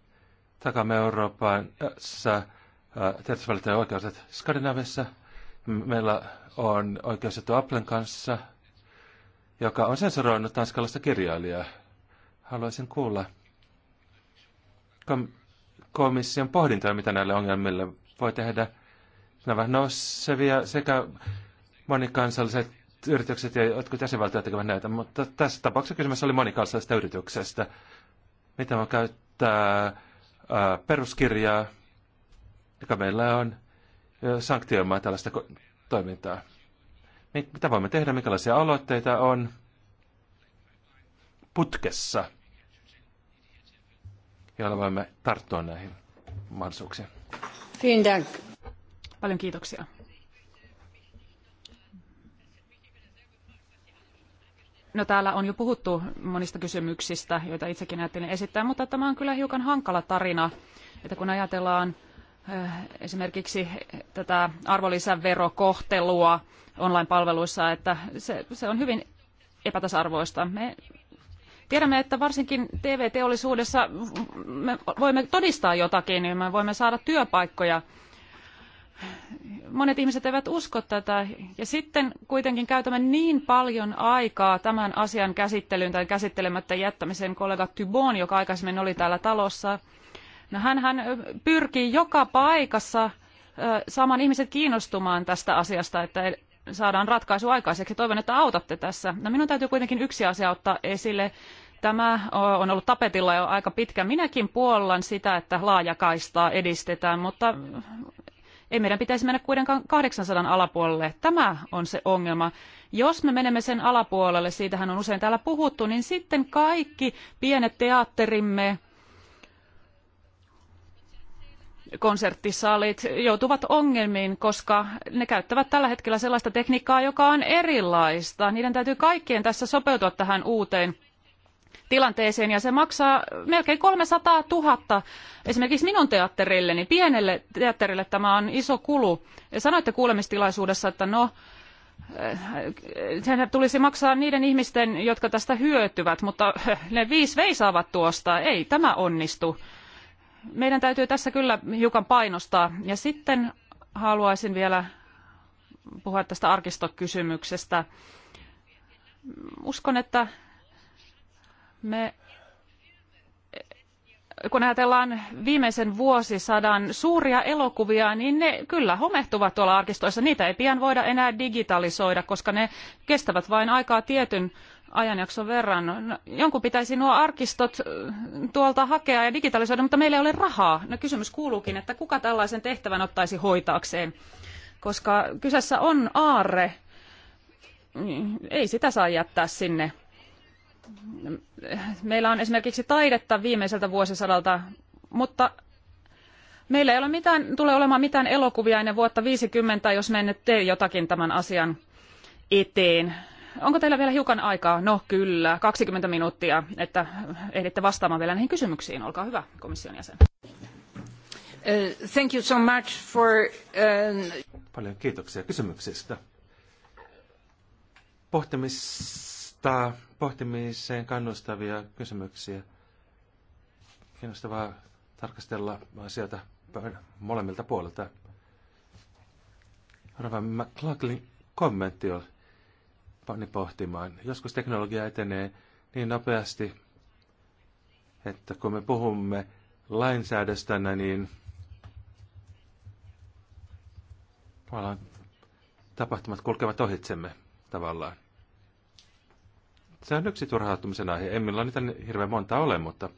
takamme Euroopassa äh, tietysti oikeudet Skandinavissa Meillä on oikeusjuttu Applen kanssa, joka on sensuroinut tanskalaista kirjailijaa. Haluaisin kuulla kom- komission pohdintoja, mitä näille ongelmille voi tehdä. Nämä nousevia sekä monikansalliset yritykset ja jotkut jäsenvaltiot tekevät näitä, mutta tässä tapauksessa kysymys oli monikansallisesta yrityksestä. Mitä on käyttää peruskirjaa, joka meillä on, sanktioimaan tällaista toimintaa. Mitä voimme tehdä, minkälaisia aloitteita on putkessa – joilla voimme tarttua näihin mahdollisuuksiin. Vielen Dank. Paljon kiitoksia. No täällä on jo puhuttu monista kysymyksistä, joita itsekin ajattelin esittää, mutta tämä on kyllä hiukan hankala tarina, että kun ajatellaan eh, esimerkiksi tätä arvonlisäverokohtelua online-palveluissa, että se, se on hyvin epätasa-arvoista. Me Tiedämme, että varsinkin TV-teollisuudessa me voimme todistaa jotakin, niin me voimme saada työpaikkoja. Monet ihmiset eivät usko tätä. Ja sitten kuitenkin käytämme niin paljon aikaa tämän asian käsittelyyn tai käsittelemättä jättämiseen kollega Tybon, joka aikaisemmin oli täällä talossa. No hän, hän pyrkii joka paikassa saamaan ihmiset kiinnostumaan tästä asiasta, että saadaan ratkaisu aikaiseksi. Toivon, että autatte tässä. No, minun täytyy kuitenkin yksi asia ottaa esille. Tämä on ollut tapetilla jo aika pitkä. Minäkin puollan sitä, että laajakaistaa edistetään, mutta ei meidän pitäisi mennä kuitenkaan 800 alapuolelle. Tämä on se ongelma. Jos me menemme sen alapuolelle, siitähän on usein täällä puhuttu, niin sitten kaikki pienet teatterimme, konserttisalit joutuvat ongelmiin, koska ne käyttävät tällä hetkellä sellaista tekniikkaa, joka on erilaista. Niiden täytyy kaikkien tässä sopeutua tähän uuteen tilanteeseen ja se maksaa melkein 300 000 esimerkiksi minun teatterilleni. Pienelle teatterille tämä on iso kulu. Ja sanoitte kuulemistilaisuudessa, että no, sen tulisi maksaa niiden ihmisten, jotka tästä hyötyvät, mutta ne viis veisaavat tuosta. Ei tämä onnistu meidän täytyy tässä kyllä hiukan painostaa. Ja sitten haluaisin vielä puhua tästä arkistokysymyksestä. Uskon, että me kun ajatellaan viimeisen vuosisadan suuria elokuvia, niin ne kyllä homehtuvat tuolla arkistoissa. Niitä ei pian voida enää digitalisoida, koska ne kestävät vain aikaa tietyn ajanjakson verran. No, jonkun pitäisi nuo arkistot tuolta hakea ja digitalisoida, mutta meillä ei ole rahaa. No, kysymys kuuluukin, että kuka tällaisen tehtävän ottaisi hoitaakseen, koska kyseessä on aarre. Niin, ei sitä saa jättää sinne meillä on esimerkiksi taidetta viimeiseltä vuosisadalta, mutta meillä ei ole mitään, tule olemaan mitään elokuvia ennen vuotta 50, jos me emme tee jotakin tämän asian eteen. Onko teillä vielä hiukan aikaa? No kyllä, 20 minuuttia, että ehditte vastaamaan vielä näihin kysymyksiin. Olkaa hyvä, komission jäsen. Uh, thank you so much for, uh... Paljon kiitoksia kysymyksistä. Pohtimis vastaa pohtimiseen kannustavia kysymyksiä. Kiinnostavaa tarkastella asioita molemmilta puolilta. Rava McLaughlin kommentti on pani pohtimaan. Joskus teknologia etenee niin nopeasti, että kun me puhumme lainsäädöstänä, niin tapahtumat kulkevat ohitsemme tavallaan. Se on yksi turhautumisen aihe. En meillä niitä hirveän monta ole, mutta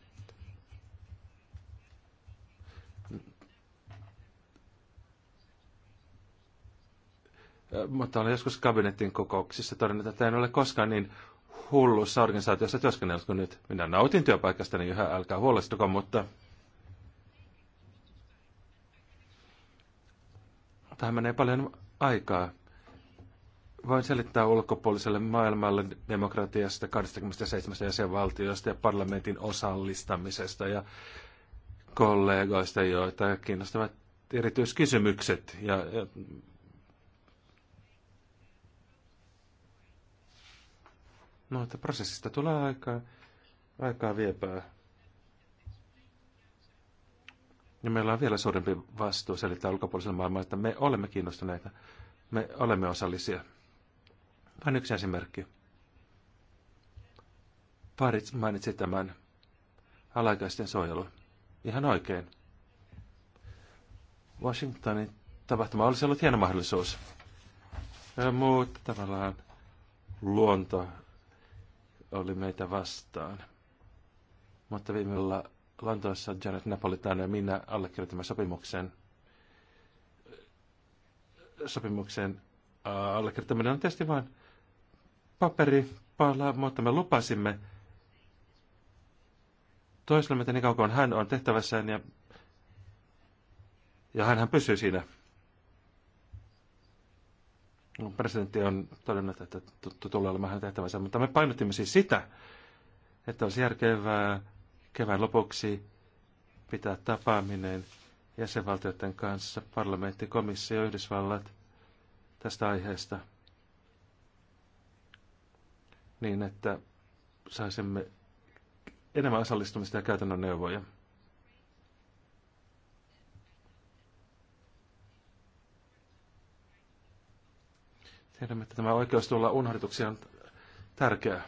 mutta olen joskus kabinetin kokouksissa todennut, että en ole koskaan niin hullussa organisaatiossa työskennellyt kuin nyt. Minä nautin työpaikastani yhä, älkää huolestuko, mutta tähän menee paljon aikaa voin selittää ulkopuoliselle maailmalle demokratiasta 27 jäsenvaltiosta ja parlamentin osallistamisesta ja kollegoista, joita kiinnostavat erityiskysymykset. Ja, ja No, että prosessista tulee aikaa, aikaa viepää. Ja meillä on vielä suurempi vastuu selittää ulkopuoliselle maailmalle, että me olemme kiinnostuneita, me olemme osallisia. Vain yksi esimerkki. Parit mainitsi tämän alaikäisten suojelu. Ihan oikein. Washingtonin tapahtuma olisi ollut hieno mahdollisuus. Ja muut tavallaan luonto oli meitä vastaan. Mutta viimeillä Lontoossa Janet Napolitano ja minä allekirjoitimme sopimuksen. Sopimuksen äh, allekirjoittaminen on tietysti vain paperipala, mutta me lupasimme toiselle, niin kauan kuin hän on tehtävässään ja, ja hän pysyy siinä. Presidentti on todennut, että tulee olemaan hänen tehtävänsä, mutta me painottimme siis sitä, että olisi järkevää kevään lopuksi pitää tapaaminen jäsenvaltioiden kanssa, parlamentti, komissio, Yhdysvallat tästä aiheesta – niin, että saisimme enemmän osallistumista ja käytännön neuvoja. Tiedämme, että tämä oikeus tulla unohdituksi on tärkeää.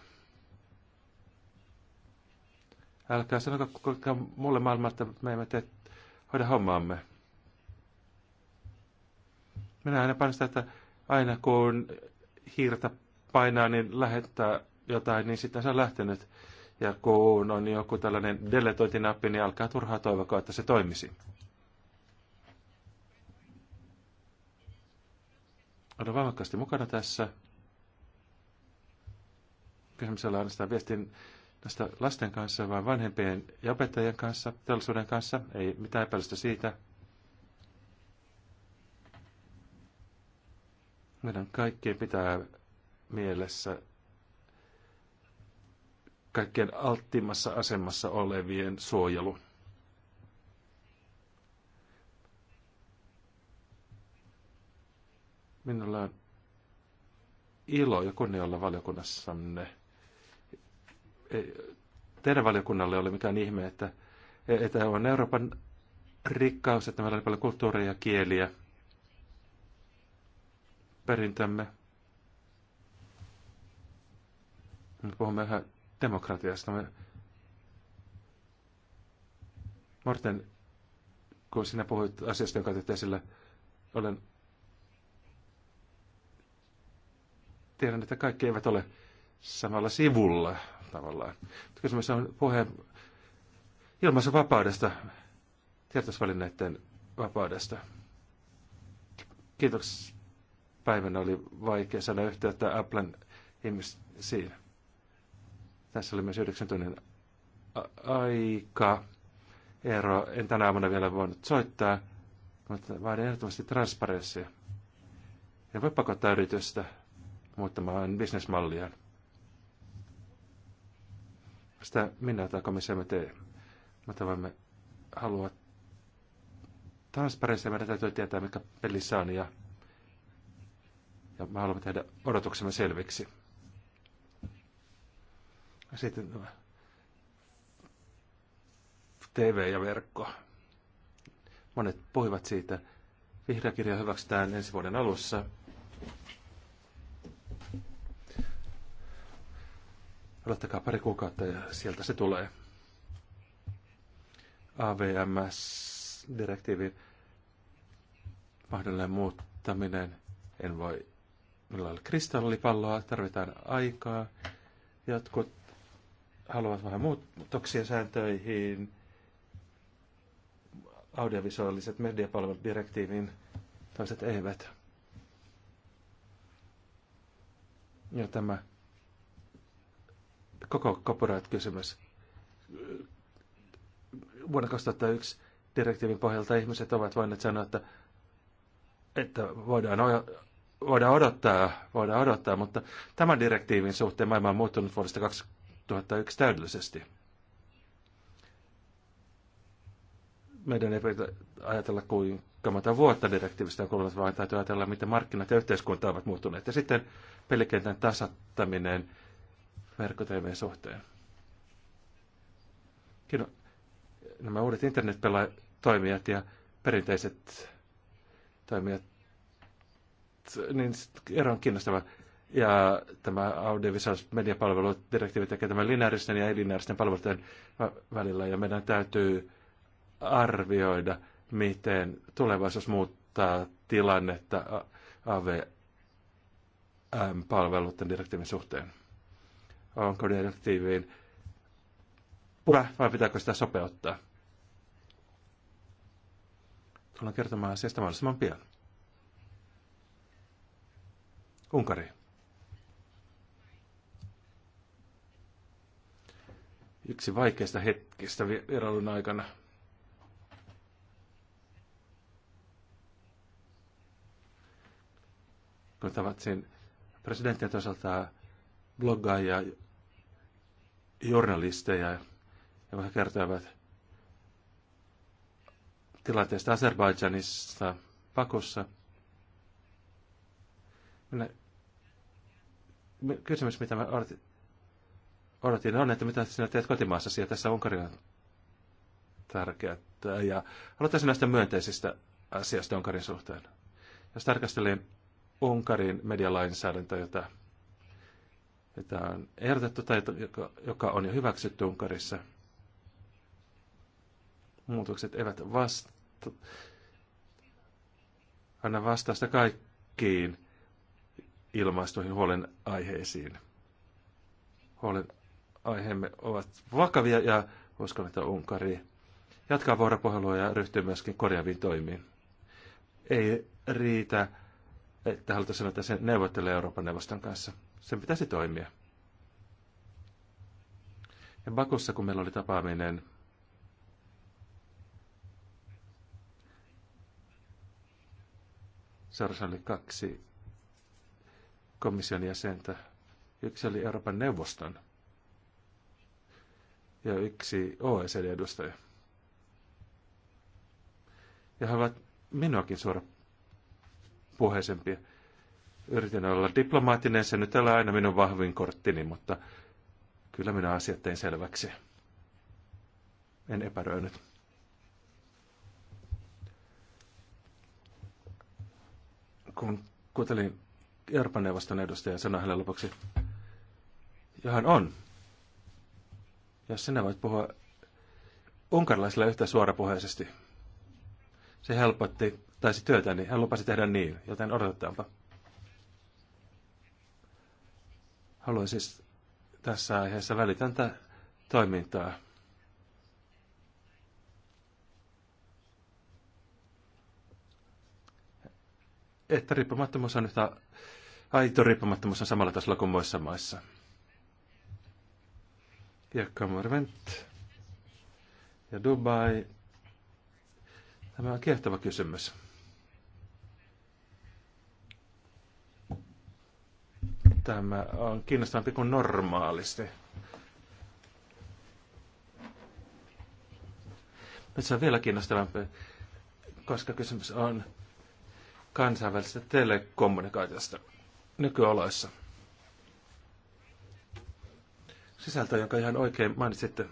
Älkää sanoa kukaan mulle maailmaa, että me emme tee, hoida hommaamme. Minä aina sitä, että aina kun hiirtä painaa, niin lähettää jotain, niin sitten se on lähtenyt. Ja kun on joku tällainen deletointinappi, niin alkaa turhaa toivoa, että se toimisi. Olen voimakkaasti mukana tässä. Kysymyksellä on sitä viestin tästä lasten kanssa, vaan vanhempien ja opettajien kanssa, teollisuuden kanssa. Ei mitään epäilystä siitä. Meidän kaikkien pitää mielessä kaikkein alttiimmassa asemassa olevien suojelu. Minulla on ilo ja kunnia olla valiokunnassanne. Teidän valiokunnalle oli mikään ihme, että, että on Euroopan rikkaus, että meillä on paljon kulttuuria ja kieliä perintämme. Me puhumme yhä demokratiasta. Me... Morten, kun sinä puhuit asiasta, jonka otit esille, olen... Tiedän, että kaikki eivät ole samalla sivulla tavallaan. Kysymys on puhe ilmaisen vapaudesta, tiedotusvälineiden vapaudesta. Kiitoksia. päivänä oli vaikea saada yhteyttä Applen ihmisiin. Tässä oli myös yhdeksän tunnin aika. Eero, en tänä aamuna vielä voinut soittaa, mutta vaadin ehdottomasti transparenssia. En voi pakottaa yritystä muuttamaan bisnesmallia. Sitä minä tai me tee. Mutta voimme halua transparenssia. Meidän täytyy tietää, mikä pelissä on ja, ja me haluamme tehdä odotuksemme selviksi. Sitten TV ja verkko. Monet puhuivat siitä. Vihreä kirja hyväksytään ensi vuoden alussa. Odottakaa pari kuukautta ja sieltä se tulee. AVMS-direktiivi mahdollinen muuttaminen. En voi, minulla ei ole kristallipalloa, tarvitaan aikaa. Jotkut haluat vähän muutoksia sääntöihin, audiovisuaaliset mediapalvelut direktiiviin, toiset eivät. Ja tämä koko copyright-kysymys. Vuonna 2001 direktiivin pohjalta ihmiset ovat voineet sanoa, että, että voidaan, voidaan, odottaa, voidaan odottaa, mutta tämän direktiivin suhteen maailma on muuttunut vuodesta 2001 täydellisesti. Meidän ei pidä ajatella kuinka monta vuotta direktiivistä on kulunut, vaan täytyy ajatella, miten markkinat ja yhteiskunta ovat muuttuneet. Ja sitten pelikentän tasattaminen verkkotoimien suhteen. Kino. nämä uudet internetpelaajat ja perinteiset toimijat, niin ero on kiinnostava ja tämä audiovisuaal mediapalveludirektiivi tekee tämän lineaaristen ja elinaaristen palveluiden välillä, ja meidän täytyy arvioida, miten tulevaisuus muuttaa tilannetta AVM-palveluiden direktiivin suhteen. Onko direktiiviin pura vai pitääkö sitä sopeuttaa? Tullaan kertomaan asiasta mahdollisimman pian. Unkari. yksi vaikeista hetkistä vierailun aikana. Kun tavatsin presidentin toisaalta bloggaajia, journalisteja, ja he kertoivat tilanteesta Azerbaidžanissa pakossa. Minä, kysymys, mitä mä odotin on, että mitä sinä teet kotimaassasi ja tässä Unkari on tärkeää. Ja aloittaisin näistä myönteisistä asioista Unkarin suhteen. Jos tarkastelin Unkarin medialainsäädäntöä, jota, jota on ehdotettu tai joka, joka on jo hyväksytty Unkarissa, muutokset eivät vasta, anna vastausta kaikkiin ilmaistuihin aiheisiin. Huolen aiheemme ovat vakavia ja uskon, että Unkari jatkaa vuoropuhelua ja ryhtyy myöskin korjaaviin toimiin. Ei riitä, että halutaan sanoa, että se neuvottelee Euroopan neuvoston kanssa. Sen pitäisi toimia. Ja Bakussa, kun meillä oli tapaaminen, seurassa oli kaksi komission jäsentä. Yksi oli Euroopan neuvoston ja yksi OECD-edustaja. Ja he ovat minuakin suora puheisempia. Yritin olla diplomaattinen, se nyt ei ole aina minun vahvin korttini, mutta kyllä minä asiat tein selväksi. En epäröinyt. Kun kuuntelin Euroopan neuvoston edustajaa, sanoin hänelle lopuksi, johan on jos sinä voit puhua unkarilaisilla yhtä suorapuheisesti, se helpotti, taisi työtä, niin hän lupasi tehdä niin, joten odotetaanpa. Haluan siis tässä aiheessa välitöntä toimintaa. Että riippumattomuus on yhtä, aito riippumattomuus on samalla tasolla kuin muissa maissa ja Kamarvent ja Dubai. Tämä on kiehtova kysymys. Tämä on kiinnostavampi kuin normaalisti. Nyt se on vielä kiinnostavampi, koska kysymys on kansainvälisestä telekommunikaatiosta nykyoloissa – sisältöä, jonka ihan oikein mainitsitte.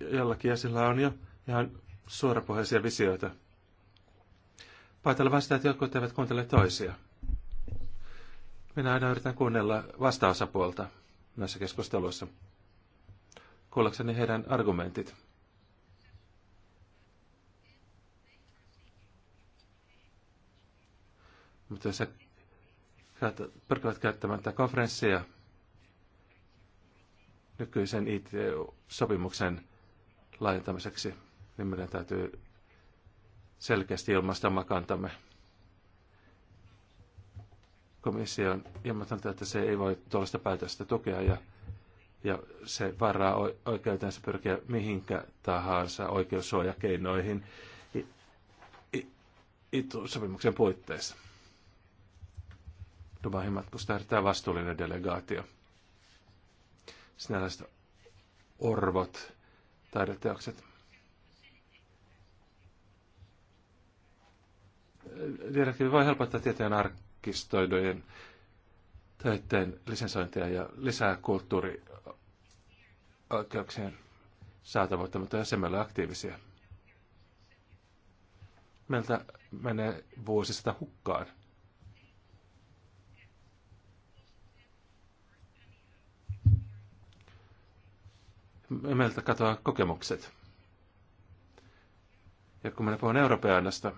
Jollakin jäsillä on jo ihan suorapohjaisia visioita. Paitella vastaa, että jotkut eivät kuuntele toisia. Minä aina yritän kuunnella vastaosapuolta näissä keskusteluissa, kuullakseni heidän argumentit. Mutta jos he pyrkivät käyttämään tätä konferenssia nykyisen IT-sopimuksen laajentamiseksi, niin meidän täytyy selkeästi ilmaista makantamme. Komissio on ilmoittanut, että se ei voi tuollaista päätöstä tukea ja, ja se varaa oikeutensa pyrkiä mihinkä tahansa oikeussuojakeinoihin sopimuksen puitteissa. Dubahin matkusta erittäin vastuullinen delegaatio sinällaiset orvot, taideteokset. Direktiivi voi helpottaa tieteen arkistoidojen töiden lisensointia ja lisää kulttuurioikeuksien saatavuutta, mutta jos emme ole aktiivisia. Meiltä menee vuosista hukkaan. meiltä katoaa kokemukset. Ja kun minä puhun europeanasta,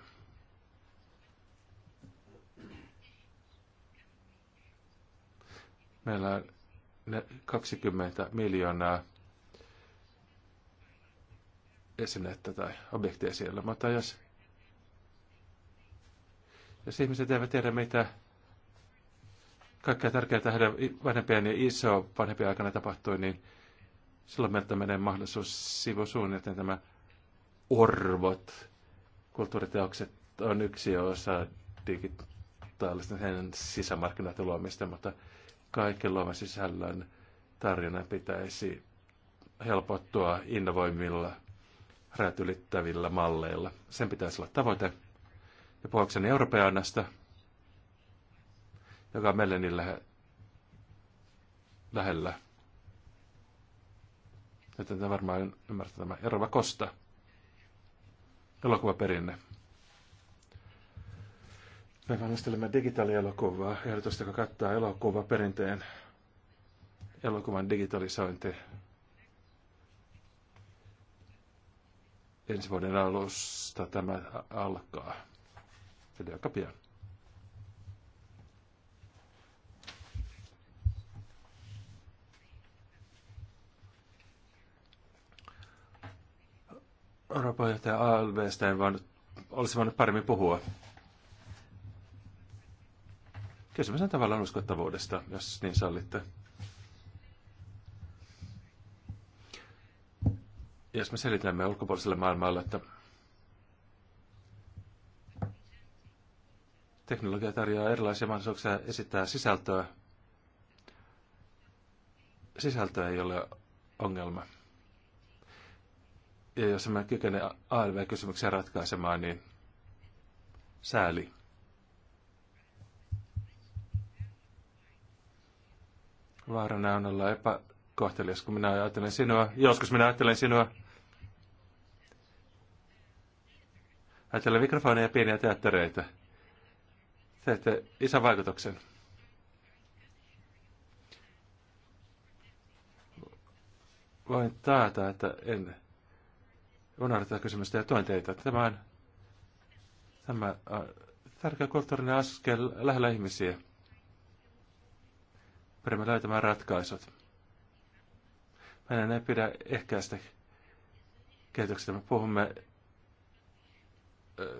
meillä on 20 miljoonaa esinettä tai objektia siellä, mutta jos, jos ihmiset eivät tiedä, mitä kaikkea tärkeää heidän vanhempien ja iso vanhempien aikana tapahtui, niin silloin meiltä menee mahdollisuus sivusuun, että tämä orvot, kulttuuriteokset on yksi osa digitaalista sen luomista, mutta kaiken luoman sisällön tarjonnan pitäisi helpottua innovoimilla, rajat ylittävillä malleilla. Sen pitäisi olla tavoite. Ja puhuakseni europeanasta, joka on meille niin lähe, lähellä Joten te varmaan ymmärrätte tämä Erva Kosta. Elokuvaperinne. Me valmistelemme digitaalielokuvaa, ehdotusta, joka kattaa elokuvaperinteen elokuvan digitalisointi ensi vuoden alusta tämä alkaa. Se aika pian. varapuheenjohtaja ALVstä en voinut, olisi voinut paremmin puhua. Kysymys on tavallaan uskottavuudesta, jos niin sallitte. Jos me selitämme ulkopuoliselle maailmalle, että teknologia tarjoaa erilaisia mahdollisuuksia esittää sisältöä, sisältöä ei ole ongelma. Ja jos mä kykene ALV-kysymyksiä ratkaisemaan, niin sääli. Vaarana on olla epäkohtelias, kun minä ajattelen sinua. Joskus minä ajattelen sinua. Ajattelen mikrofoneja ja pieniä teattereita. Teette ison vaikutuksen. Voin taata, että en unohdeta kysymystä ja tuen teitä. Tämä on tämä, tärkeä kulttuurinen askel lähellä ihmisiä. Pyrimme löytämään ratkaisut. Meidän ei pidä ehkäistä kehityksestä. Me puhumme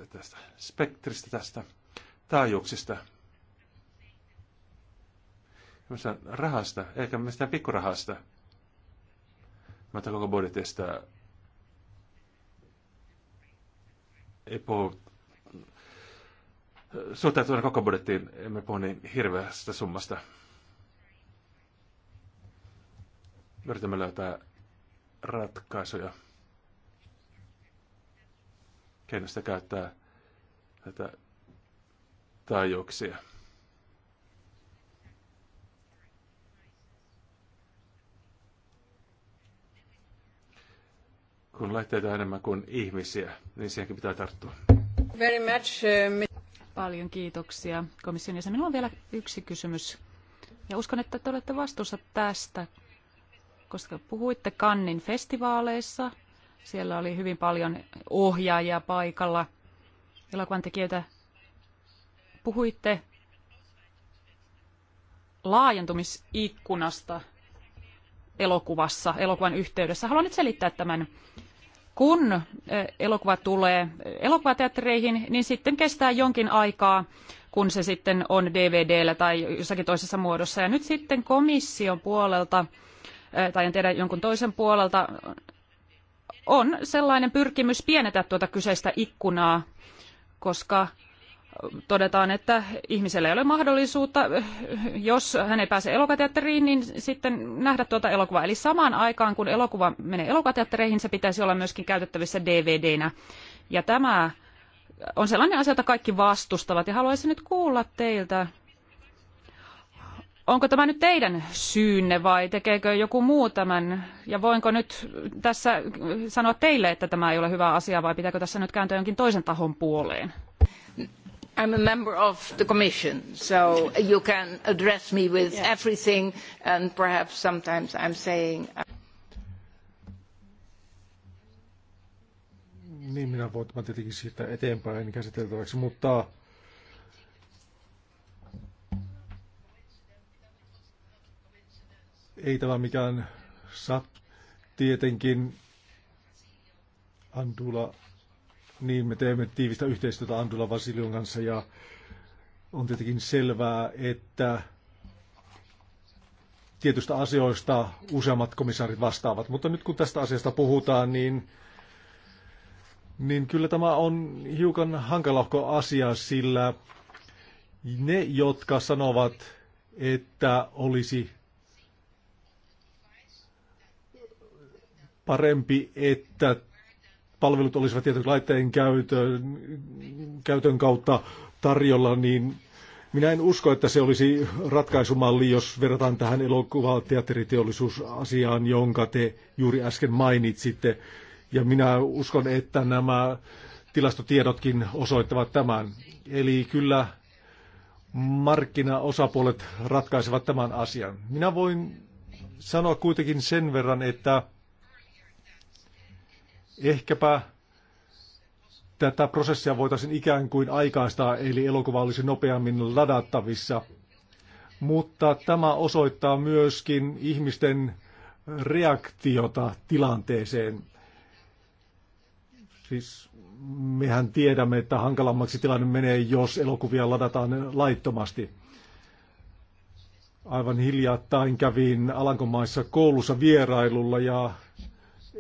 tästä spektristä, tästä taajuuksista. Rahasta, eikä mistään pikkurahasta. Mä koko budjetista EPO suhteutuneena koko budjettiin emme puhu niin hirveästä summasta. Yritämme löytää ratkaisuja keinoista käyttää näitä taajuuksia. kun laitteita on enemmän kuin ihmisiä, niin siihenkin pitää tarttua. Very much, uh, Paljon kiitoksia komission jäsen. Minulla on vielä yksi kysymys. Ja uskon, että te olette vastuussa tästä, koska puhuitte Kannin festivaaleissa. Siellä oli hyvin paljon ohjaajia paikalla, tekijöitä. Puhuitte laajentumisikkunasta elokuvassa, elokuvan yhteydessä. Haluan nyt selittää tämän kun elokuva tulee elokuvateattereihin, niin sitten kestää jonkin aikaa, kun se sitten on DVDllä tai jossakin toisessa muodossa. Ja nyt sitten komission puolelta, tai en tiedä jonkun toisen puolelta, on sellainen pyrkimys pienetä tuota kyseistä ikkunaa, koska todetaan, että ihmisellä ei ole mahdollisuutta, jos hän ei pääse elokuvateatteriin, niin sitten nähdä tuota elokuvaa. Eli samaan aikaan, kun elokuva menee elokuvateattereihin, se pitäisi olla myöskin käytettävissä DVDnä. Ja tämä on sellainen asia, jota kaikki vastustavat. Ja haluaisin nyt kuulla teiltä, onko tämä nyt teidän syynne vai tekeekö joku muu tämän? Ja voinko nyt tässä sanoa teille, että tämä ei ole hyvä asia vai pitääkö tässä nyt kääntyä jonkin toisen tahon puoleen? I'm a member of the Commission, so you can address me with yeah. everything, and perhaps sometimes I'm saying. Uh, niin minä voin tietenkin siirtää eteenpäin käsiteltäväksi, mutta ei tämä mikään sat. Tietenkin Andula niin me teemme tiivistä yhteistyötä Andula Vasilion kanssa ja on tietenkin selvää, että tietystä asioista useammat komissaarit vastaavat. Mutta nyt kun tästä asiasta puhutaan, niin, niin kyllä tämä on hiukan hankalahko asia, sillä ne, jotka sanovat, että olisi parempi, että palvelut olisivat tietyn laitteen käytön, käytön kautta tarjolla, niin minä en usko, että se olisi ratkaisumalli, jos verrataan tähän elokuva- teatteriteollisuusasiaan, jonka te juuri äsken mainitsitte. Ja minä uskon, että nämä tilastotiedotkin osoittavat tämän. Eli kyllä markkinaosapuolet ratkaisevat tämän asian. Minä voin sanoa kuitenkin sen verran, että Ehkäpä tätä prosessia voitaisiin ikään kuin aikaistaa, eli elokuva olisi nopeammin ladattavissa. Mutta tämä osoittaa myöskin ihmisten reaktiota tilanteeseen. Siis mehän tiedämme, että hankalammaksi tilanne menee, jos elokuvia ladataan laittomasti. Aivan hiljattain kävin Alankomaissa koulussa vierailulla ja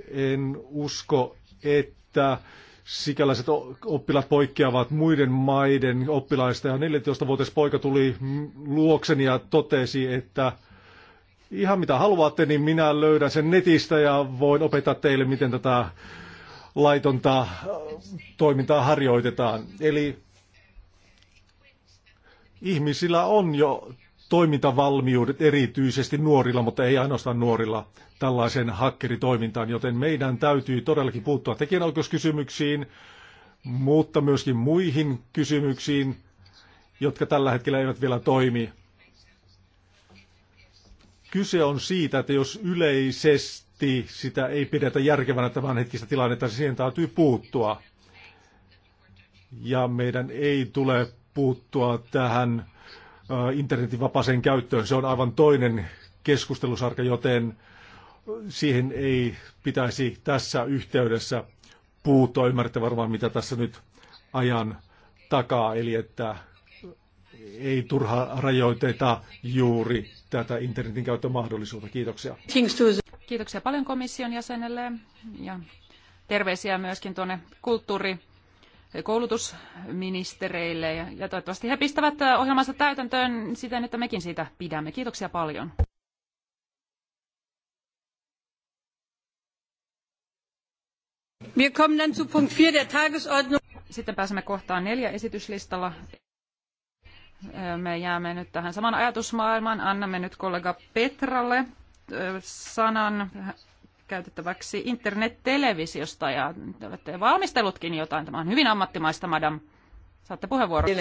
en usko, että sikäläiset oppilaat poikkeavat muiden maiden oppilaista. Ja 14-vuotias poika tuli luokseni ja totesi, että ihan mitä haluatte, niin minä löydän sen netistä ja voin opettaa teille, miten tätä laitonta äh, toimintaa harjoitetaan. Eli ihmisillä on jo toimintavalmiudet erityisesti nuorilla, mutta ei ainoastaan nuorilla tällaisen hakkeritoimintaan, joten meidän täytyy todellakin puuttua tekijänoikeuskysymyksiin, mutta myöskin muihin kysymyksiin, jotka tällä hetkellä eivät vielä toimi. Kyse on siitä, että jos yleisesti sitä ei pidetä järkevänä tämänhetkistä tilannetta, niin siihen täytyy puuttua. Ja meidän ei tule puuttua tähän Äh, internetin vapaaseen käyttöön. Se on aivan toinen keskustelusarka, joten siihen ei pitäisi tässä yhteydessä puuttua. Ymmärrätte varmaan, mitä tässä nyt ajan takaa, eli että ei turha rajoiteta juuri tätä internetin käyttömahdollisuutta. Kiitoksia. Kiitoksia paljon komission jäsenelle ja terveisiä myöskin tuonne kulttuuri koulutusministereille ja toivottavasti he pistävät äh, ohjelmansa täytäntöön siten, että mekin siitä pidämme. Kiitoksia paljon. Sitten pääsemme kohtaan neljä esityslistalla. Äh, me jäämme nyt tähän saman ajatusmaailmaan. Annamme nyt kollega Petralle äh, sanan käytettäväksi internet-televisiosta ja te olette valmistellutkin jotain. Tämä on hyvin ammattimaista, madam. Saatte puheenvuoron.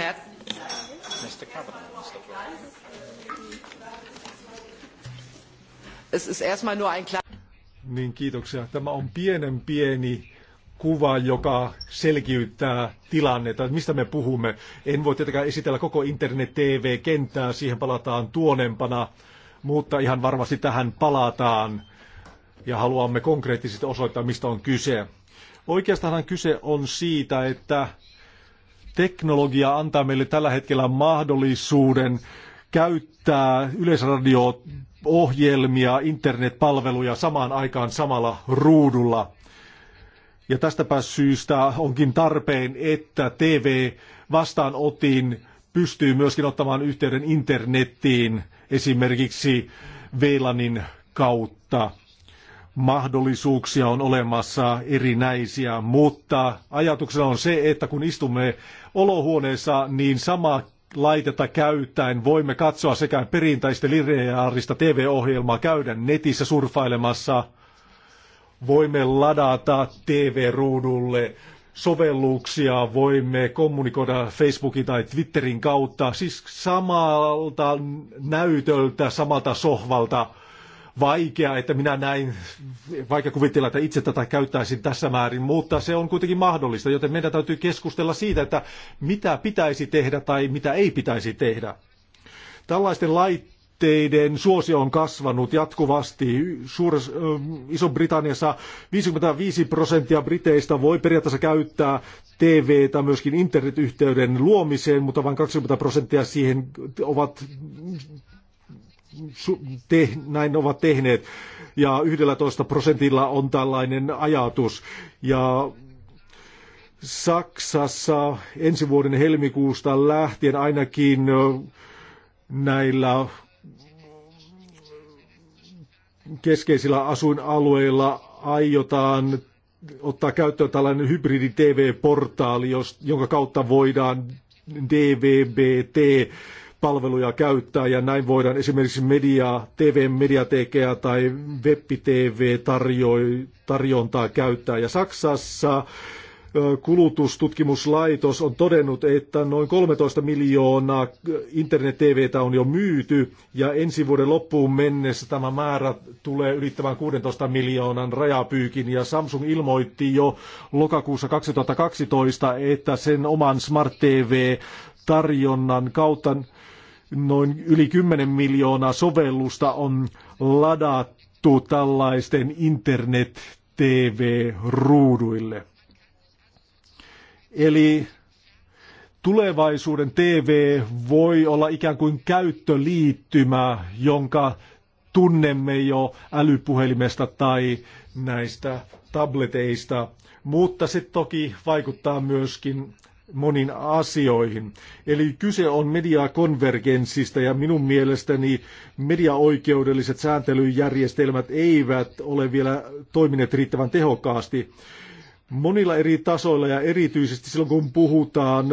Niin, kiitoksia. Tämä on pienen pieni kuva, joka selkiyttää tilannetta, mistä me puhumme. En voi tietenkään esitellä koko internet-tv-kenttää, siihen palataan tuonempana, mutta ihan varmasti tähän palataan ja haluamme konkreettisesti osoittaa, mistä on kyse. Oikeastaan kyse on siitä, että teknologia antaa meille tällä hetkellä mahdollisuuden käyttää yleisradio-ohjelmia, internetpalveluja samaan aikaan samalla ruudulla. Ja tästäpä syystä onkin tarpeen, että TV vastaanotin pystyy myöskin ottamaan yhteyden internettiin esimerkiksi VLANin kautta mahdollisuuksia on olemassa erinäisiä, mutta ajatuksena on se, että kun istumme olohuoneessa, niin sama laitetta käyttäen voimme katsoa sekä perinteistä lineaarista TV-ohjelmaa, käydä netissä surfailemassa, voimme ladata TV-ruudulle sovelluksia, voimme kommunikoida Facebookin tai Twitterin kautta, siis samalta näytöltä, samalta sohvalta – vaikea, että minä näin, vaikka kuvitella, että itse tätä käyttäisin tässä määrin, mutta se on kuitenkin mahdollista, joten meidän täytyy keskustella siitä, että mitä pitäisi tehdä tai mitä ei pitäisi tehdä. Tällaisten laitteiden suosio on kasvanut jatkuvasti. Suures, Iso-Britanniassa 55 prosenttia briteistä voi periaatteessa käyttää tai myöskin internetyhteyden luomiseen, mutta vain 20 prosenttia siihen ovat te, näin ovat tehneet. Ja 11 prosentilla on tällainen ajatus. Ja Saksassa ensi vuoden helmikuusta lähtien ainakin näillä keskeisillä asuinalueilla aiotaan ottaa käyttöön tällainen hybridi-TV-portaali, jonka kautta voidaan DVB-T palveluja käyttää ja näin voidaan esimerkiksi mediaa, TV-mediatekeä tai web-TV-tarjontaa käyttää. Ja Saksassa kulutustutkimuslaitos on todennut, että noin 13 miljoonaa internet-TVtä on jo myyty ja ensi vuoden loppuun mennessä tämä määrä tulee ylittämään 16 miljoonan rajapyykin ja Samsung ilmoitti jo lokakuussa 2012, että sen oman Smart TV tarjonnan kautta noin yli 10 miljoonaa sovellusta on ladattu tällaisten internet-TV-ruuduille. Eli tulevaisuuden TV voi olla ikään kuin käyttöliittymä, jonka tunnemme jo älypuhelimesta tai näistä tableteista, mutta se toki vaikuttaa myöskin moniin asioihin. Eli kyse on mediakonvergenssista ja minun mielestäni mediaoikeudelliset sääntelyjärjestelmät eivät ole vielä toimineet riittävän tehokkaasti. Monilla eri tasoilla ja erityisesti silloin kun puhutaan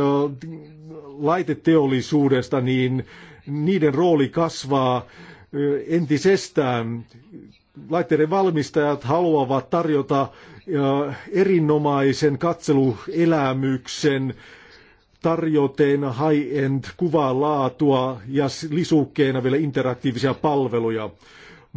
laiteteollisuudesta, niin niiden rooli kasvaa entisestään. Laitteiden valmistajat haluavat tarjota erinomaisen katseluelämyksen tarjoten high-end kuvalaatua ja lisukkeena vielä interaktiivisia palveluja.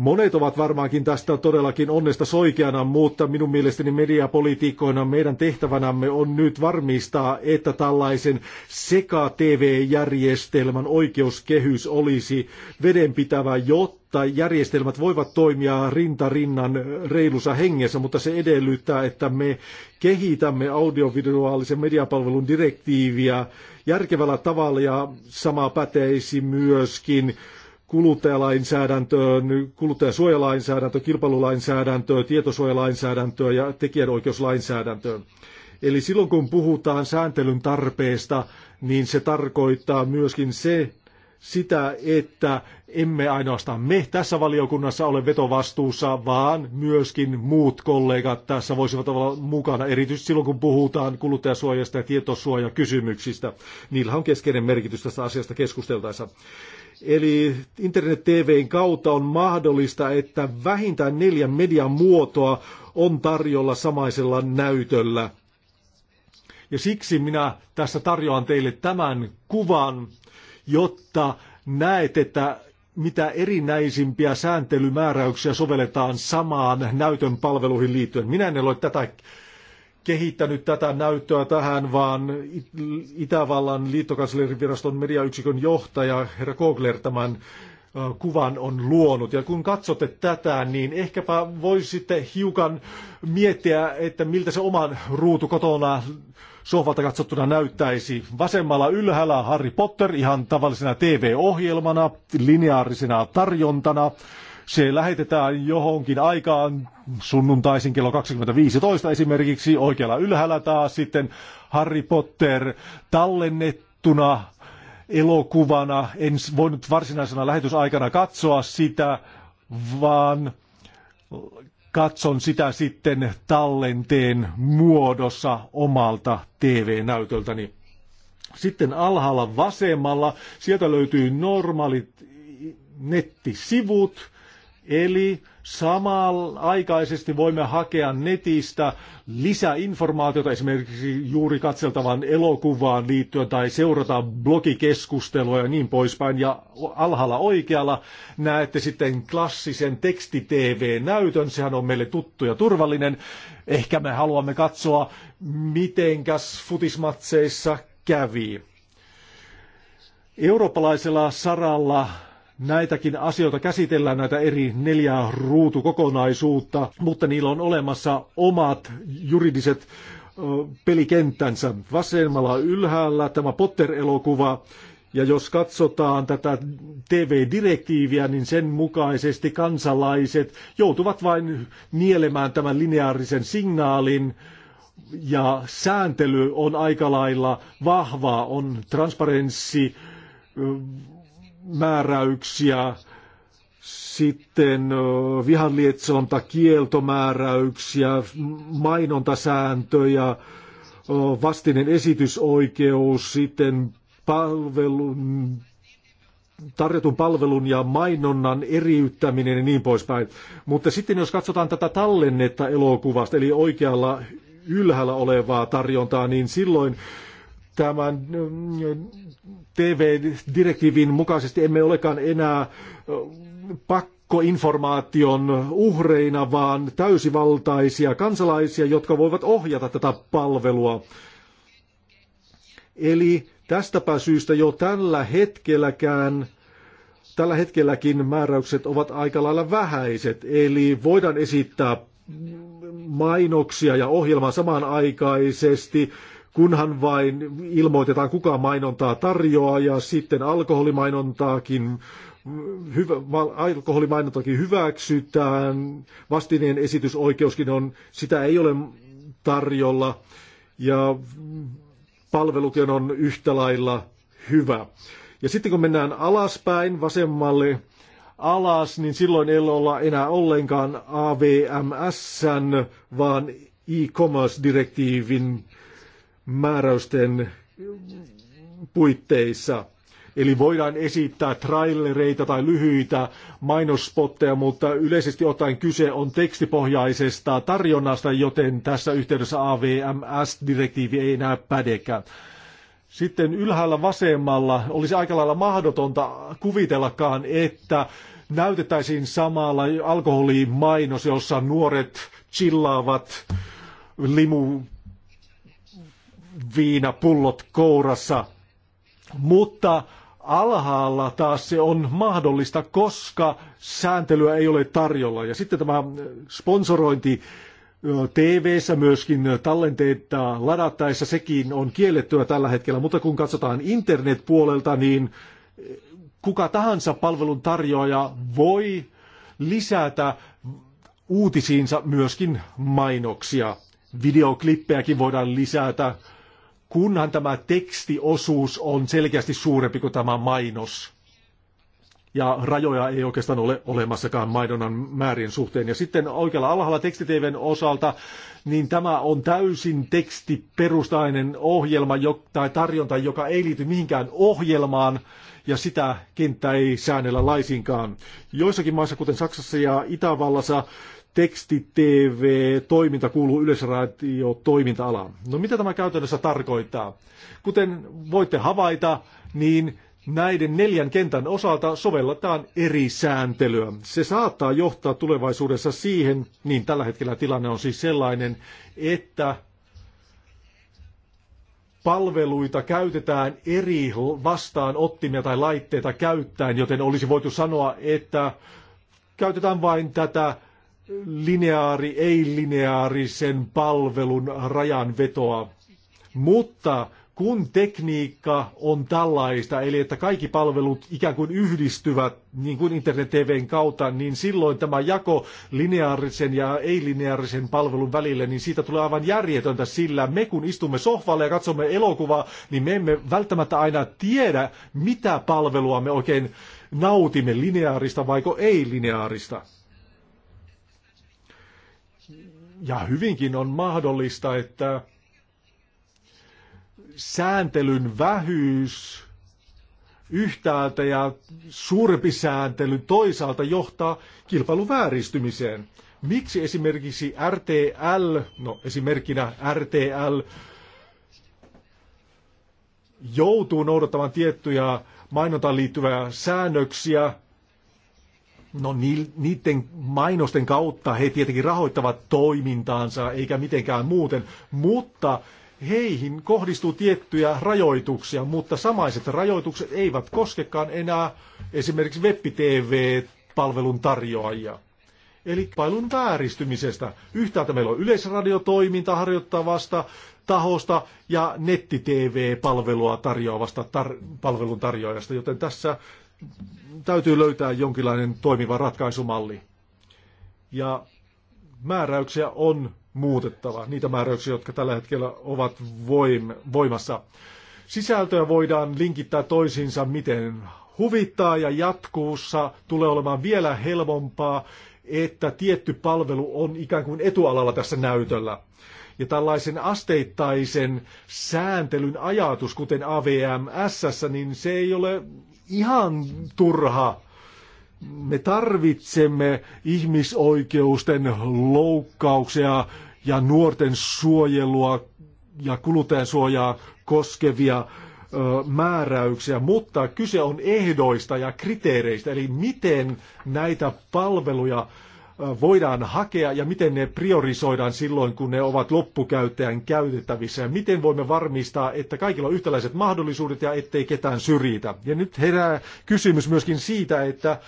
Monet ovat varmaankin tästä todellakin onnesta soikeana, mutta minun mielestäni mediapolitiikkoina meidän tehtävänämme on nyt varmistaa, että tällaisen seka-TV-järjestelmän oikeuskehys olisi vedenpitävä, jotta järjestelmät voivat toimia rinta rinnan reilussa hengessä, mutta se edellyttää, että me kehitämme audiovisuaalisen mediapalvelun direktiiviä järkevällä tavalla ja sama päteisi myöskin kuluttajalainsäädäntöön, kuluttajasuojalainsäädäntöön, kilpailulainsäädäntöön, tietosuojalainsäädäntöön ja tekijänoikeuslainsäädäntöön. Eli silloin kun puhutaan sääntelyn tarpeesta, niin se tarkoittaa myöskin se, sitä, että emme ainoastaan me tässä valiokunnassa ole vetovastuussa, vaan myöskin muut kollegat tässä voisivat olla mukana, erityisesti silloin kun puhutaan kuluttajasuojasta ja tietosuojakysymyksistä. Niillä on keskeinen merkitys tästä asiasta keskusteltaessa. Eli internet-tvn kautta on mahdollista, että vähintään neljä median muotoa on tarjolla samaisella näytöllä. Ja siksi minä tässä tarjoan teille tämän kuvan, jotta näet, että mitä erinäisimpiä sääntelymääräyksiä sovelletaan samaan näytön palveluihin liittyen. Minä en ole tätä kehittänyt tätä näyttöä tähän, vaan Itävallan liittokansleriviraston mediayksikön johtaja herra Kogler tämän kuvan on luonut. Ja kun katsotte tätä, niin ehkäpä voisitte hiukan miettiä, että miltä se oman ruutu kotona sohvalta katsottuna näyttäisi. Vasemmalla ylhäällä Harry Potter ihan tavallisena TV-ohjelmana, lineaarisena tarjontana. Se lähetetään johonkin aikaan sunnuntaisin kello 20.15 esimerkiksi oikealla ylhäällä taas sitten Harry Potter tallennettuna elokuvana. En voinut varsinaisena lähetysaikana katsoa sitä, vaan katson sitä sitten tallenteen muodossa omalta TV-näytöltäni. Sitten alhaalla vasemmalla, sieltä löytyy normaalit nettisivut, Eli samanaikaisesti voimme hakea netistä lisäinformaatiota esimerkiksi juuri katseltavan elokuvaan liittyen tai seurata blogikeskustelua ja niin poispäin. Ja alhaalla oikealla näette sitten klassisen teksti-TV-näytön. Sehän on meille tuttu ja turvallinen. Ehkä me haluamme katsoa, mitenkäs futismatseissa kävi. Eurooppalaisella saralla näitäkin asioita käsitellään, näitä eri neljää ruutukokonaisuutta, mutta niillä on olemassa omat juridiset pelikenttänsä. Vasemmalla ylhäällä tämä Potter-elokuva, ja jos katsotaan tätä TV-direktiiviä, niin sen mukaisesti kansalaiset joutuvat vain nielemään tämän lineaarisen signaalin, ja sääntely on aika lailla vahvaa, on transparenssi, määräyksiä, sitten vihanlietsonta kieltomääräyksiä, mainontasääntöjä, vastinen esitysoikeus, sitten palvelun, tarjotun palvelun ja mainonnan eriyttäminen ja niin poispäin. Mutta sitten jos katsotaan tätä tallennetta elokuvasta, eli oikealla ylhäällä olevaa tarjontaa, niin silloin tämän mm, TV-direktiivin mukaisesti emme olekaan enää pakkoinformaation uhreina, vaan täysivaltaisia kansalaisia, jotka voivat ohjata tätä palvelua. Eli tästäpä syystä jo tällä hetkelläkään Tällä hetkelläkin määräykset ovat aika lailla vähäiset, eli voidaan esittää mainoksia ja ohjelmaa samanaikaisesti kunhan vain ilmoitetaan, kuka mainontaa tarjoaa ja sitten alkoholimainontaakin hyvä, alkoholimainontakin hyväksytään, vastineen esitysoikeuskin on, sitä ei ole tarjolla ja palvelukin on yhtä lailla hyvä. Ja sitten kun mennään alaspäin vasemmalle alas, niin silloin ei olla enää ollenkaan AVMS, vaan e-commerce-direktiivin määräysten puitteissa. Eli voidaan esittää trailereita tai lyhyitä mainospotteja, mutta yleisesti ottaen kyse on tekstipohjaisesta tarjonnasta, joten tässä yhteydessä AVMS-direktiivi ei enää pädekään. Sitten ylhäällä vasemmalla olisi aika lailla mahdotonta kuvitellakaan, että näytettäisiin samalla alkoholimainos, jossa nuoret chillaavat limu viinapullot kourassa. Mutta alhaalla taas se on mahdollista, koska sääntelyä ei ole tarjolla. Ja sitten tämä sponsorointi TV-ssä myöskin tallenteita ladattaessa, sekin on kiellettyä tällä hetkellä, mutta kun katsotaan internetpuolelta, niin e, kuka tahansa palvelun tarjoaja voi lisätä uutisiinsa myöskin mainoksia. Videoklippejäkin voidaan lisätä kunhan tämä tekstiosuus on selkeästi suurempi kuin tämä mainos. Ja rajoja ei oikeastaan ole olemassakaan mainonnan määrin suhteen. Ja sitten oikealla alhaalla tekstiteiven osalta, niin tämä on täysin tekstiperustainen ohjelma tai tarjonta, joka ei liity mihinkään ohjelmaan, ja sitä kenttä ei säännellä laisinkaan. Joissakin maissa, kuten Saksassa ja Itävallassa, teksti-TV-toiminta kuuluu yleisradio-toiminta-alaan. No mitä tämä käytännössä tarkoittaa? Kuten voitte havaita, niin näiden neljän kentän osalta sovelletaan eri sääntelyä. Se saattaa johtaa tulevaisuudessa siihen, niin tällä hetkellä tilanne on siis sellainen, että palveluita käytetään eri vastaanottimia tai laitteita käyttäen, joten olisi voitu sanoa, että käytetään vain tätä lineaari, ei-lineaarisen palvelun rajanvetoa. Mutta kun tekniikka on tällaista, eli että kaikki palvelut ikään kuin yhdistyvät niin kuin internet TVn kautta, niin silloin tämä jako lineaarisen ja ei-lineaarisen palvelun välille, niin siitä tulee aivan järjetöntä, sillä me kun istumme sohvalle ja katsomme elokuvaa, niin me emme välttämättä aina tiedä, mitä palvelua me oikein nautimme, lineaarista vaiko ei-lineaarista ja hyvinkin on mahdollista, että sääntelyn vähyys yhtäältä ja suurempi sääntely toisaalta johtaa kilpailun vääristymiseen. Miksi esimerkiksi RTL, no esimerkkinä RTL, joutuu noudattamaan tiettyjä mainontaan liittyviä säännöksiä, No niiden mainosten kautta he tietenkin rahoittavat toimintaansa eikä mitenkään muuten, mutta heihin kohdistuu tiettyjä rajoituksia, mutta samaiset rajoitukset eivät koskekaan enää esimerkiksi web-tv-palvelun tarjoajia. Eli palvelun vääristymisestä. Yhtäältä meillä on yleisradiotoiminta harjoittavasta tahosta ja netti-tv-palvelua tarjoavasta tar- palvelun tarjoajasta, joten tässä täytyy löytää jonkinlainen toimiva ratkaisumalli. Ja määräyksiä on muutettava, niitä määräyksiä, jotka tällä hetkellä ovat voim- voimassa. Sisältöä voidaan linkittää toisiinsa, miten huvittaa ja jatkuussa tulee olemaan vielä helpompaa, että tietty palvelu on ikään kuin etualalla tässä näytöllä. Ja tällaisen asteittaisen sääntelyn ajatus, kuten AVMS, niin se ei ole ihan turha. Me tarvitsemme ihmisoikeusten loukkauksia ja nuorten suojelua ja kuluttajan suojaa koskevia ö, määräyksiä, mutta kyse on ehdoista ja kriteereistä, eli miten näitä palveluja voidaan hakea ja miten ne priorisoidaan silloin, kun ne ovat loppukäyttäjän käytettävissä. Ja miten voimme varmistaa, että kaikilla on yhtäläiset mahdollisuudet ja ettei ketään syrjitä. Ja nyt herää kysymys myöskin siitä, että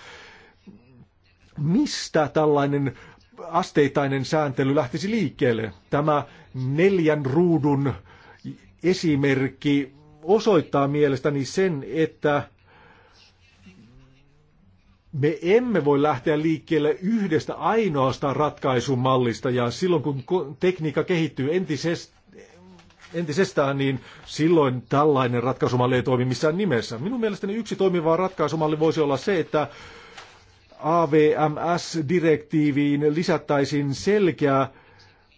mistä tällainen asteittainen sääntely lähtisi liikkeelle. Tämä neljän ruudun esimerkki osoittaa mielestäni sen, että me emme voi lähteä liikkeelle yhdestä ainoasta ratkaisumallista ja silloin kun tekniikka kehittyy entisestään, niin silloin tällainen ratkaisumalli ei toimi missään nimessä. Minun mielestäni yksi toimiva ratkaisumalli voisi olla se, että AVMS-direktiiviin lisättäisiin selkeä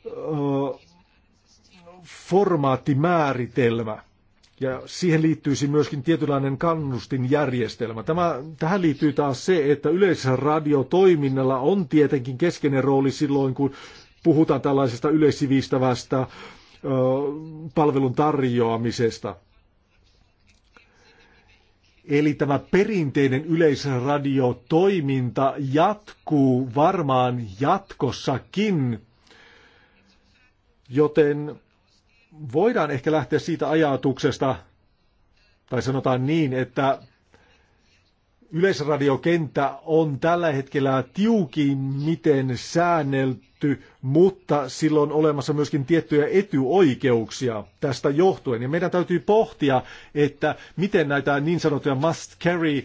ö, formaattimääritelmä – ja siihen liittyisi myöskin tietynlainen kannustinjärjestelmä. Tämä, tähän liittyy taas se, että yleisradiotoiminnalla on tietenkin keskeinen rooli silloin, kun puhutaan tällaisesta yleissivistävästä ö, palvelun tarjoamisesta. Eli tämä perinteinen yleisradiotoiminta jatkuu varmaan jatkossakin, joten voidaan ehkä lähteä siitä ajatuksesta, tai sanotaan niin, että yleisradiokenttä on tällä hetkellä tiukin miten säännelty, mutta silloin on olemassa myöskin tiettyjä etyoikeuksia tästä johtuen. Ja meidän täytyy pohtia, että miten näitä niin sanottuja must carry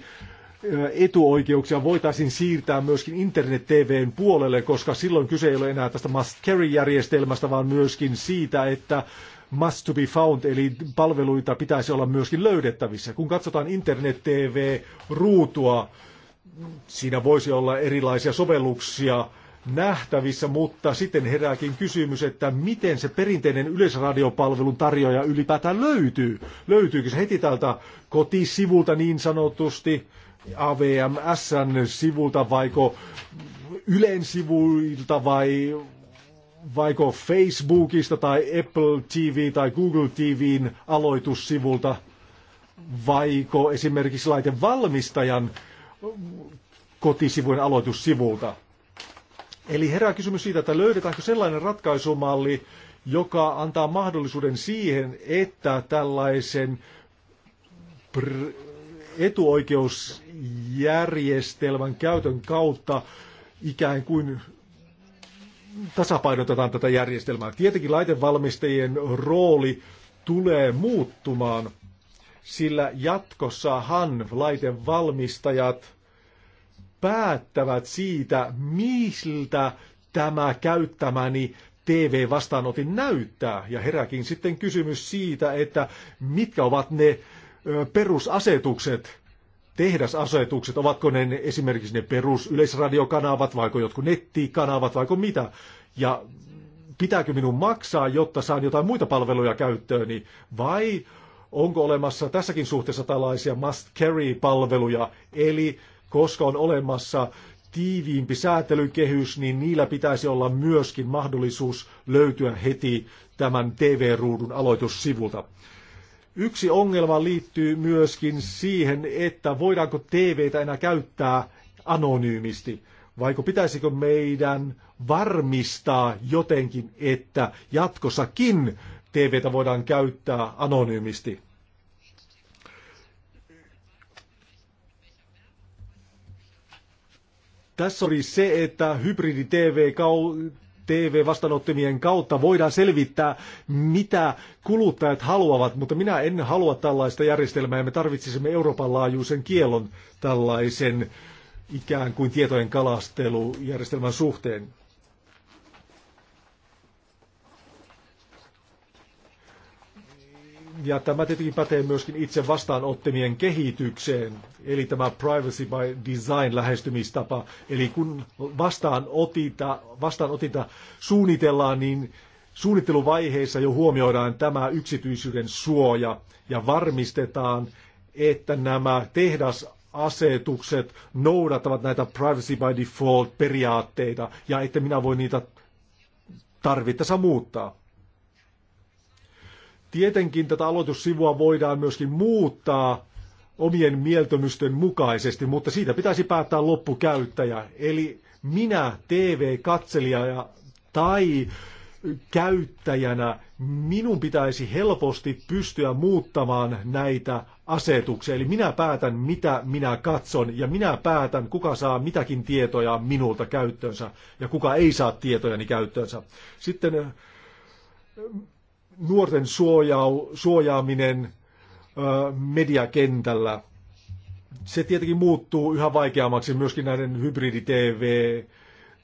etuoikeuksia voitaisiin siirtää myöskin internet-tvn puolelle, koska silloin kyse ei ole enää tästä must carry-järjestelmästä, vaan myöskin siitä, että must to be found, eli palveluita pitäisi olla myöskin löydettävissä. Kun katsotaan internet-tv-ruutua, siinä voisi olla erilaisia sovelluksia nähtävissä, mutta sitten herääkin kysymys, että miten se perinteinen yleisradiopalvelun tarjoaja ylipäätään löytyy. Löytyykö se heti tältä kotisivulta niin sanotusti, AVMSn sivulta vaiko Ylen sivuilta vai vaiko Facebookista tai Apple TV tai Google TVn aloitussivulta, vaiko esimerkiksi laitevalmistajan kotisivujen aloitussivulta. Eli herää kysymys siitä, että löydetäänkö sellainen ratkaisumalli, joka antaa mahdollisuuden siihen, että tällaisen etuoikeusjärjestelmän käytön kautta ikään kuin tasapainotetaan tätä järjestelmää. Tietenkin laitevalmistajien rooli tulee muuttumaan, sillä jatkossahan laitevalmistajat päättävät siitä, miltä tämä käyttämäni TV-vastaanotin näyttää. Ja heräkin sitten kysymys siitä, että mitkä ovat ne perusasetukset, tehdasasetukset, ovatko ne esimerkiksi ne perus yleisradiokanavat, vaiko jotkut nettikanavat, vaiko mitä. Ja pitääkö minun maksaa, jotta saan jotain muita palveluja käyttööni, vai onko olemassa tässäkin suhteessa tällaisia must carry-palveluja, eli koska on olemassa tiiviimpi säätelykehys, niin niillä pitäisi olla myöskin mahdollisuus löytyä heti tämän TV-ruudun aloitussivulta. Yksi ongelma liittyy myöskin siihen, että voidaanko TVtä enää käyttää anonyymisti, vaiko pitäisikö meidän varmistaa jotenkin, että jatkossakin TVtä voidaan käyttää anonyymisti. Tässä oli se, että hybridi-TV TV-vastaanottimien kautta voidaan selvittää, mitä kuluttajat haluavat, mutta minä en halua tällaista järjestelmää ja me tarvitsisimme Euroopan laajuisen kielon tällaisen ikään kuin tietojen kalastelujärjestelmän suhteen. Ja tämä tietenkin pätee myöskin itse vastaanottimien kehitykseen, eli tämä privacy by design lähestymistapa. Eli kun vastaanotita, vastaanotita suunnitellaan, niin suunnitteluvaiheessa jo huomioidaan tämä yksityisyyden suoja ja varmistetaan, että nämä tehdasasetukset noudattavat näitä privacy by default periaatteita ja että minä voin niitä tarvittaessa muuttaa. Tietenkin tätä aloitussivua voidaan myöskin muuttaa omien mieltymysten mukaisesti, mutta siitä pitäisi päättää loppukäyttäjä. Eli minä TV-katselijana tai käyttäjänä minun pitäisi helposti pystyä muuttamaan näitä asetuksia. Eli minä päätän, mitä minä katson ja minä päätän, kuka saa mitäkin tietoja minulta käyttöönsä ja kuka ei saa tietojani käyttöönsä. Sitten nuorten suojau, suojaaminen mediakentällä. Se tietenkin muuttuu yhä vaikeammaksi myöskin näiden hybridi-TV,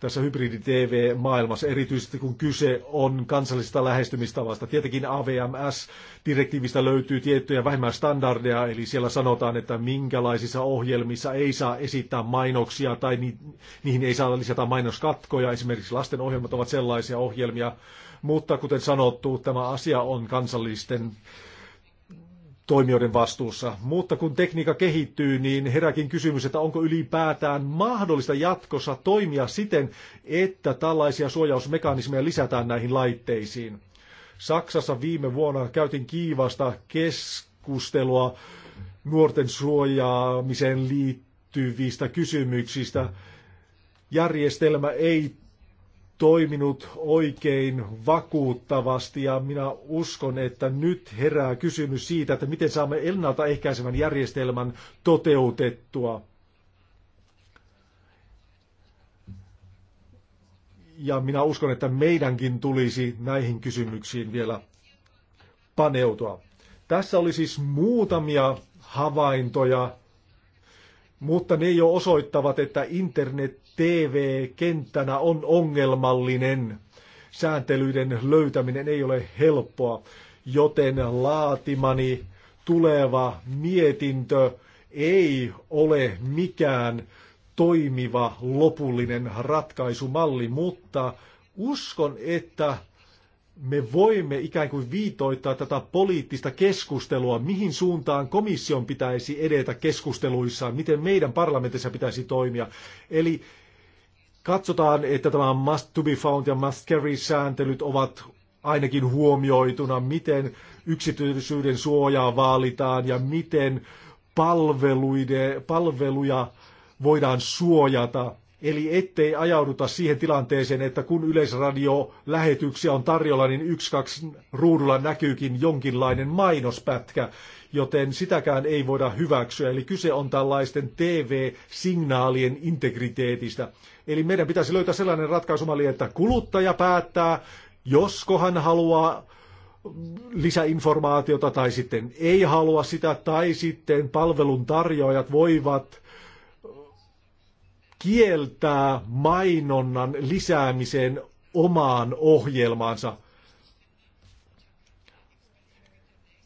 tässä hybridi-TV-maailmassa, erityisesti kun kyse on kansallisesta lähestymistavasta. Tietenkin AVMS-direktiivistä löytyy tiettyjä standardeja, eli siellä sanotaan, että minkälaisissa ohjelmissa ei saa esittää mainoksia tai ni- niihin ei saa lisätä mainoskatkoja. Esimerkiksi lasten ohjelmat ovat sellaisia ohjelmia, mutta kuten sanottu, tämä asia on kansallisten toimijoiden vastuussa. Mutta kun tekniikka kehittyy, niin heräkin kysymys, että onko ylipäätään mahdollista jatkossa toimia siten, että tällaisia suojausmekanismeja lisätään näihin laitteisiin. Saksassa viime vuonna käytin kiivasta keskustelua nuorten suojaamiseen liittyvistä kysymyksistä. Järjestelmä ei toiminut oikein vakuuttavasti ja minä uskon, että nyt herää kysymys siitä, että miten saamme ennaltaehkäisevän järjestelmän toteutettua. Ja minä uskon, että meidänkin tulisi näihin kysymyksiin vielä paneutua. Tässä oli siis muutamia havaintoja, mutta ne jo osoittavat, että internet TV-kenttänä on ongelmallinen. Sääntelyiden löytäminen ei ole helppoa, joten laatimani tuleva mietintö ei ole mikään toimiva lopullinen ratkaisumalli, mutta uskon, että me voimme ikään kuin viitoittaa tätä poliittista keskustelua, mihin suuntaan komission pitäisi edetä keskusteluissaan, miten meidän parlamentissa pitäisi toimia. Eli katsotaan, että tämä must to be found ja must carry sääntelyt ovat ainakin huomioituna, miten yksityisyyden suojaa vaalitaan ja miten palveluide, palveluja voidaan suojata Eli ettei ajauduta siihen tilanteeseen, että kun yleisradio lähetyksiä on tarjolla, niin yksi kaksi ruudulla näkyykin jonkinlainen mainospätkä, joten sitäkään ei voida hyväksyä. Eli kyse on tällaisten TV-signaalien integriteetistä. Eli meidän pitäisi löytää sellainen ratkaisumalli, että kuluttaja päättää, josko hän haluaa lisäinformaatiota tai sitten ei halua sitä, tai sitten palvelun tarjoajat voivat kieltää mainonnan lisäämisen omaan ohjelmaansa.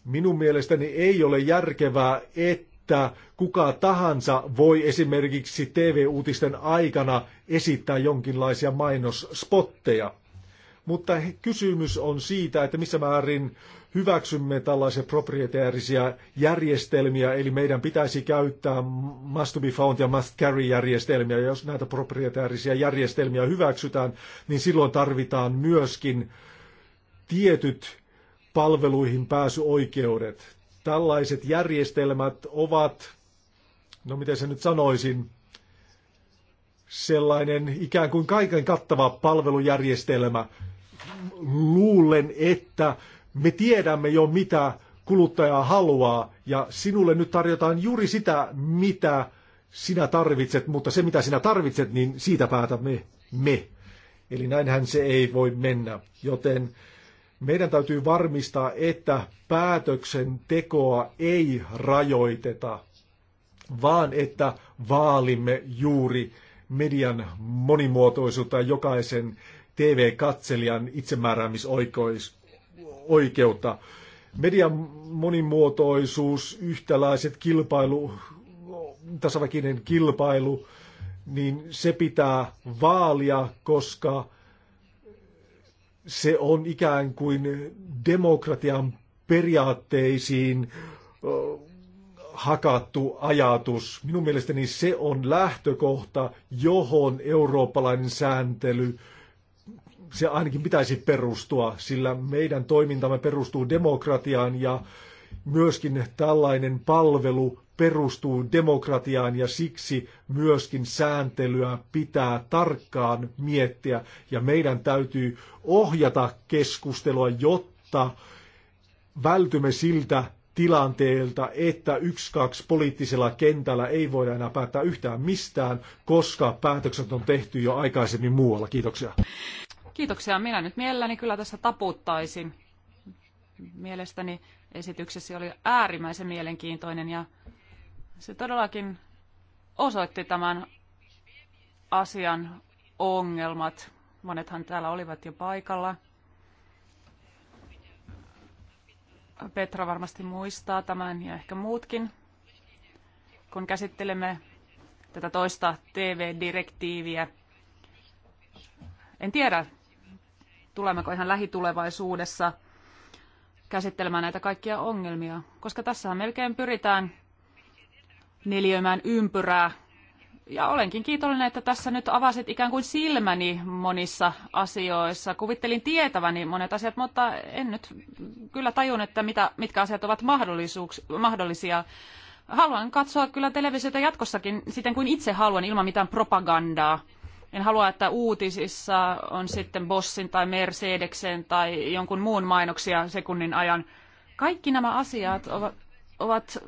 Minun mielestäni ei ole järkevää, että kuka tahansa voi esimerkiksi TV-uutisten aikana esittää jonkinlaisia mainosspotteja. Mutta kysymys on siitä, että missä määrin hyväksymme tällaisia proprietäärisiä järjestelmiä, eli meidän pitäisi käyttää must to be found ja must carry järjestelmiä. Ja jos näitä proprietäärisiä järjestelmiä hyväksytään, niin silloin tarvitaan myöskin tietyt palveluihin pääsyoikeudet. Tällaiset järjestelmät ovat, no miten se nyt sanoisin, sellainen ikään kuin kaiken kattava palvelujärjestelmä. Luulen, että me tiedämme jo, mitä kuluttaja haluaa, ja sinulle nyt tarjotaan juuri sitä, mitä sinä tarvitset, mutta se, mitä sinä tarvitset, niin siitä päätämme me. Eli näinhän se ei voi mennä. Joten meidän täytyy varmistaa, että päätöksentekoa ei rajoiteta, vaan että vaalimme juuri median monimuotoisuutta ja jokaisen TV-katselijan itsemääräämisoikeus, oikeutta. Median monimuotoisuus, yhtäläiset kilpailu, tasaväkinen kilpailu, niin se pitää vaalia, koska se on ikään kuin demokratian periaatteisiin hakattu ajatus. Minun mielestäni se on lähtökohta, johon eurooppalainen sääntely se ainakin pitäisi perustua, sillä meidän toimintamme perustuu demokratiaan ja myöskin tällainen palvelu perustuu demokratiaan ja siksi myöskin sääntelyä pitää tarkkaan miettiä ja meidän täytyy ohjata keskustelua, jotta vältymme siltä tilanteelta, että yksi kaksi poliittisella kentällä ei voida enää päättää yhtään mistään, koska päätökset on tehty jo aikaisemmin muualla. Kiitoksia. Kiitoksia. Minä nyt mielelläni kyllä tässä taputtaisin. Mielestäni esityksesi oli äärimmäisen mielenkiintoinen ja se todellakin osoitti tämän asian ongelmat. Monethan täällä olivat jo paikalla. Petra varmasti muistaa tämän ja ehkä muutkin, kun käsittelemme tätä toista TV-direktiiviä. En tiedä, tulemmeko ihan lähitulevaisuudessa käsittelemään näitä kaikkia ongelmia, koska tässä melkein pyritään neliöimään ympyrää. Ja olenkin kiitollinen, että tässä nyt avasit ikään kuin silmäni monissa asioissa. Kuvittelin tietäväni monet asiat, mutta en nyt kyllä tajun, että mitä, mitkä asiat ovat mahdollisia. Haluan katsoa kyllä televisiota jatkossakin siten kuin itse haluan ilman mitään propagandaa. En halua, että uutisissa on sitten Bossin tai Mercedeksen tai jonkun muun mainoksia sekunnin ajan. Kaikki nämä asiat ovat, ovat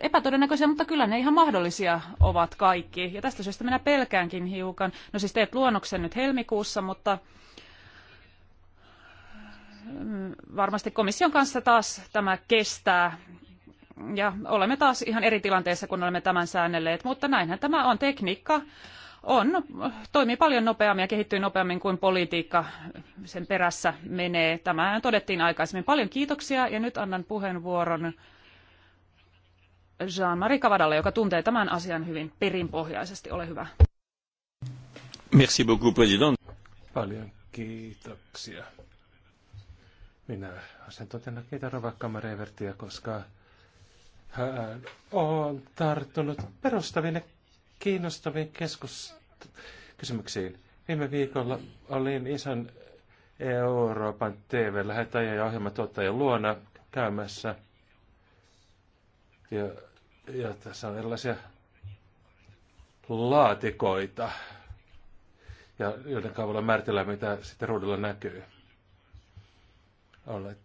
epätodennäköisiä, mutta kyllä ne ihan mahdollisia ovat kaikki. Ja tästä syystä minä pelkäänkin hiukan. No siis teet luonnoksen nyt helmikuussa, mutta mm, varmasti komission kanssa taas tämä kestää. Ja olemme taas ihan eri tilanteessa, kun olemme tämän säännelleet, mutta näinhän tämä on tekniikka on, toimii paljon nopeammin ja kehittyy nopeammin kuin politiikka sen perässä menee. Tämä todettiin aikaisemmin. Paljon kiitoksia ja nyt annan puheenvuoron Jean-Marie Cavadalle, joka tuntee tämän asian hyvin perinpohjaisesti. Ole hyvä. Merci beaucoup, president. Paljon kiitoksia. Minä asiantuntijana totena Rovakkaama Revertiä, koska hän on tarttunut perustavine kiinnostaviin keskuskysymyksiin Viime viikolla olin ison Euroopan TV-lähettäjän ja ohjelmatuottajan luona käymässä. Ja, ja tässä on erilaisia laatikoita, ja joiden kaavalla määritellään, mitä sitten ruudulla näkyy. Olen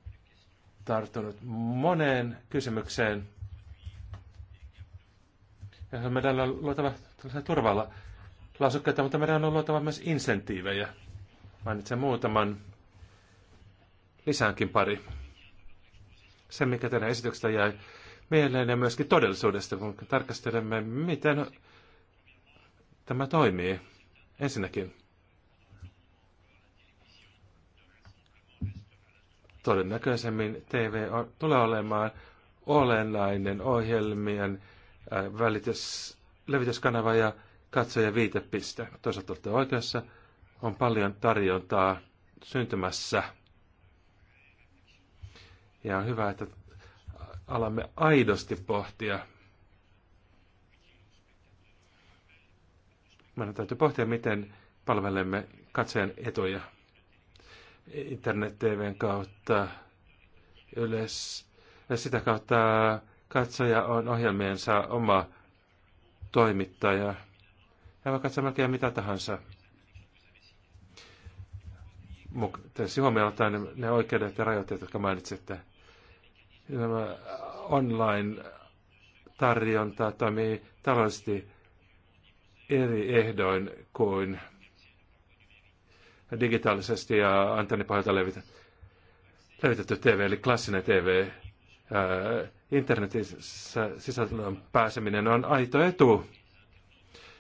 tarttunut moneen kysymykseen, ja meidän on luotava turvalla lausukkeita, mutta meidän on luotava myös insentiivejä. Mainitsen muutaman. Lisäänkin pari. Se, mikä teidän esityksestä jäi mieleen ja myöskin todellisuudesta, kun tarkastelemme, miten tämä toimii. Ensinnäkin todennäköisemmin TV on, tulee olemaan olennainen ohjelmien välitys, levityskanava ja katsoja viitepiste. Toisaalta olette oikeassa, on paljon tarjontaa syntymässä. Ja on hyvä, että alamme aidosti pohtia. Meidän täytyy pohtia, miten palvelemme katsojan etuja internet-tvn kautta, yleis, sitä kautta Katsoja on ohjelmiensa oma toimittaja. Hän voi katsoa melkein mitä tahansa. Tässä siis huomioon ottaen ne oikeudet ja rajoitteet, jotka mainitsitte. Nämä online-tarjonta toimii taloudellisesti eri ehdoin kuin digitaalisesti ja antennipohjalta levitetty TV, eli klassinen TV internetissä sisällön pääseminen on aito etu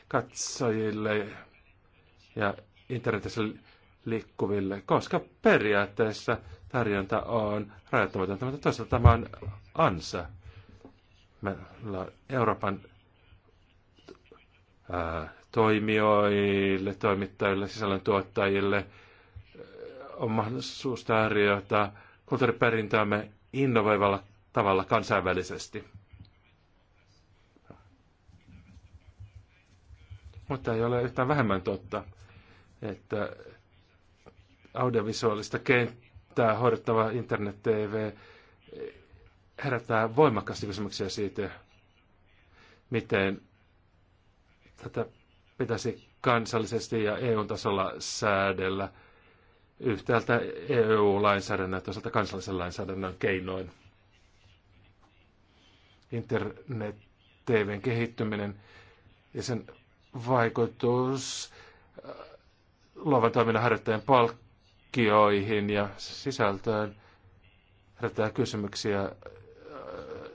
katsojille ja internetissä liikkuville, koska periaatteessa tarjonta on rajoittamatonta, mutta toisaalta tämä on ansa. Meillä on Euroopan ää, toimijoille, toimittajille, sisällöntuottajille on mahdollisuus tarjota kulttuuriperintöämme innovoivalla tavalla kansainvälisesti. Mutta ei ole yhtään vähemmän totta, että audiovisuaalista kenttää horjuttava internet-tv herättää voimakkaasti kysymyksiä siitä, miten tätä pitäisi kansallisesti ja EU-tasolla säädellä yhtäältä EU-lainsäädännön ja toisaalta kansallisen lainsäädännön keinoin internet-TVn kehittyminen ja sen vaikutus äh, luovan toiminnan harjoittajien palkkioihin ja sisältöön herättää kysymyksiä äh,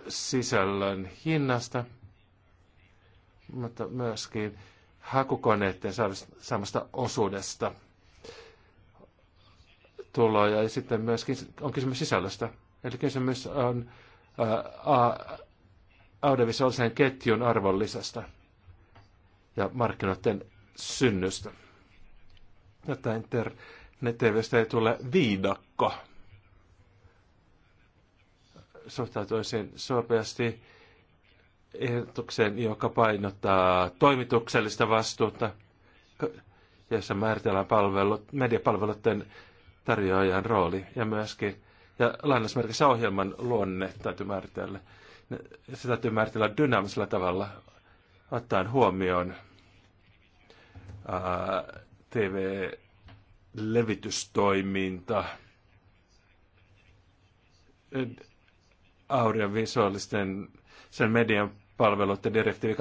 sisällön hinnasta, mutta myöskin hakukoneiden saamasta osuudesta tuloja ja sitten myöskin on kysymys sisällöstä. Eli kysymys on ää, äh, audiovisuaalisen ketjun arvonlisästä ja markkinoiden synnystä. Jotta internet-tvstä ei tule viidakko. Suhtautuisin sopeasti ehdotukseen, joka painottaa toimituksellista vastuuta, jossa määritellään palvelut, mediapalveluiden tarjoajan rooli ja myöskin ja lainausmerkissä ohjelman luonne täytyy määritellä se täytyy määritellä dynaamisella tavalla, ottaen huomioon TV-levitystoiminta, audiovisuaalisten sen median palveluiden direktiivi 24-25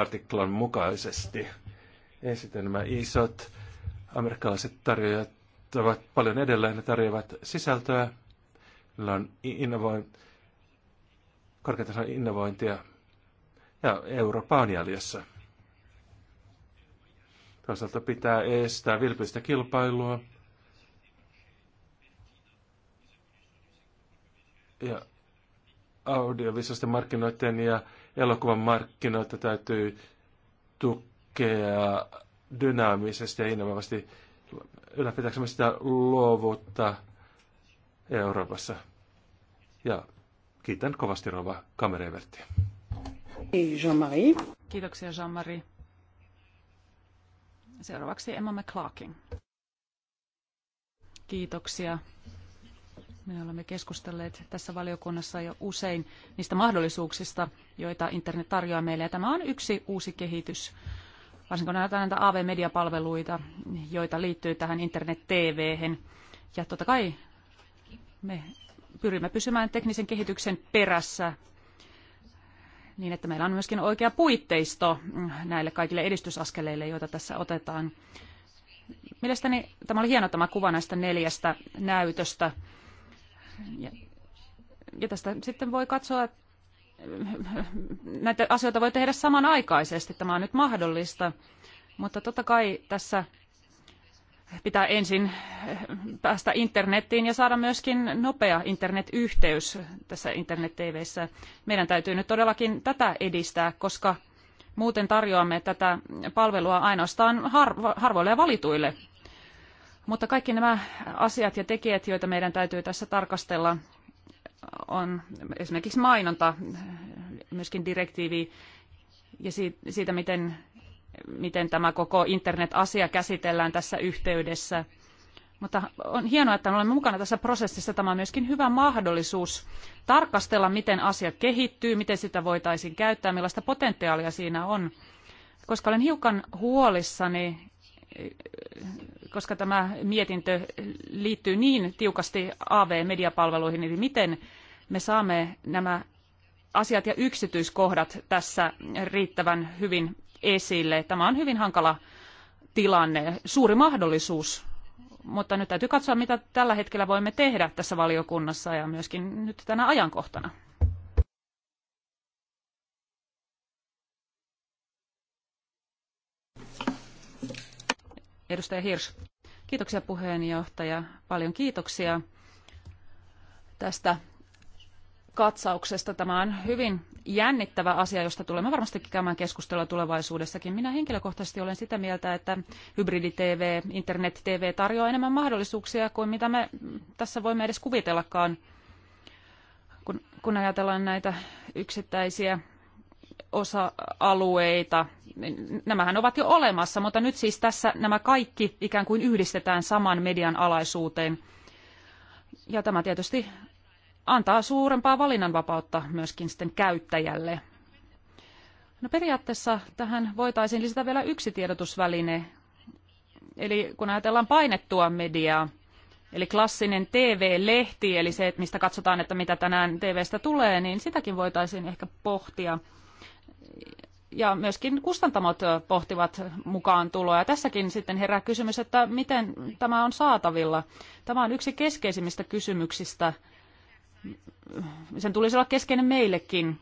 artiklan mukaisesti. Esitän nämä isot amerikkalaiset tarjoajat ovat paljon edelleen, ne tarjoavat sisältöä, niillä on innovoin, korkeatason innovointia. Ja Eurooppa on jäljessä. Toisaalta pitää estää vilpistä kilpailua. Ja audiovisuaalisten markkinoiden ja elokuvan markkinoita täytyy tukea dynaamisesti ja innovoivasti ylläpitääksemme sitä luovuutta Euroopassa. Ja Kiitän kovasti Rova Kamerevertti. Niin, Jean-Marie. Kiitoksia Jean-Marie. Seuraavaksi Emma McClarkin. Kiitoksia. Me olemme keskustelleet tässä valiokunnassa jo usein niistä mahdollisuuksista, joita internet tarjoaa meille. Ja tämä on yksi uusi kehitys, varsinkin kun näytetään näitä AV-mediapalveluita, joita liittyy tähän internet tv -hen. Ja totta kai me pyrimme pysymään teknisen kehityksen perässä niin, että meillä on myöskin oikea puitteisto näille kaikille edistysaskeleille, joita tässä otetaan. Mielestäni tämä oli hieno tämä kuva näistä neljästä näytöstä. Ja, ja tästä sitten voi katsoa, että näitä asioita voi tehdä samanaikaisesti. Tämä on nyt mahdollista, mutta totta kai tässä pitää ensin eh, päästä internettiin ja saada myöskin nopea internetyhteys tässä internet-tvssä. Meidän täytyy nyt todellakin tätä edistää, koska muuten tarjoamme tätä palvelua ainoastaan harvo harvoille ja valituille. Mutta kaikki nämä asiat ja tekijät, joita meidän täytyy tässä tarkastella, on esimerkiksi mainonta, myöskin direktiivi ja siitä, miten miten tämä koko internet-asia käsitellään tässä yhteydessä. Mutta on hienoa, että me olemme mukana tässä prosessissa. Tämä on myöskin hyvä mahdollisuus tarkastella, miten asia kehittyy, miten sitä voitaisiin käyttää, millaista potentiaalia siinä on. Koska olen hiukan huolissani, koska tämä mietintö liittyy niin tiukasti AV-mediapalveluihin, eli miten me saamme nämä asiat ja yksityiskohdat tässä riittävän hyvin esille. Tämä on hyvin hankala tilanne, suuri mahdollisuus, mutta nyt täytyy katsoa, mitä tällä hetkellä voimme tehdä tässä valiokunnassa ja myöskin nyt tänä ajankohtana. Edustaja Hirsch. Kiitoksia puheenjohtaja. Paljon kiitoksia tästä katsauksesta. Tämä on hyvin jännittävä asia, josta tulemme varmasti käymään keskustelua tulevaisuudessakin. Minä henkilökohtaisesti olen sitä mieltä, että hybridi-TV, internet-TV tarjoaa enemmän mahdollisuuksia kuin mitä me tässä voimme edes kuvitellakaan, kun, kun ajatellaan näitä yksittäisiä osa-alueita. Nämähän ovat jo olemassa, mutta nyt siis tässä nämä kaikki ikään kuin yhdistetään saman median alaisuuteen. Ja tämä tietysti antaa suurempaa valinnanvapautta myöskin sitten käyttäjälle. No periaatteessa tähän voitaisiin lisätä vielä yksi tiedotusväline, eli kun ajatellaan painettua mediaa, eli klassinen TV-lehti, eli se, mistä katsotaan, että mitä tänään TVstä tulee, niin sitäkin voitaisiin ehkä pohtia. Ja myöskin kustantamot pohtivat mukaan tuloa. tässäkin sitten herää kysymys, että miten tämä on saatavilla. Tämä on yksi keskeisimmistä kysymyksistä – sen tulisi olla keskeinen meillekin.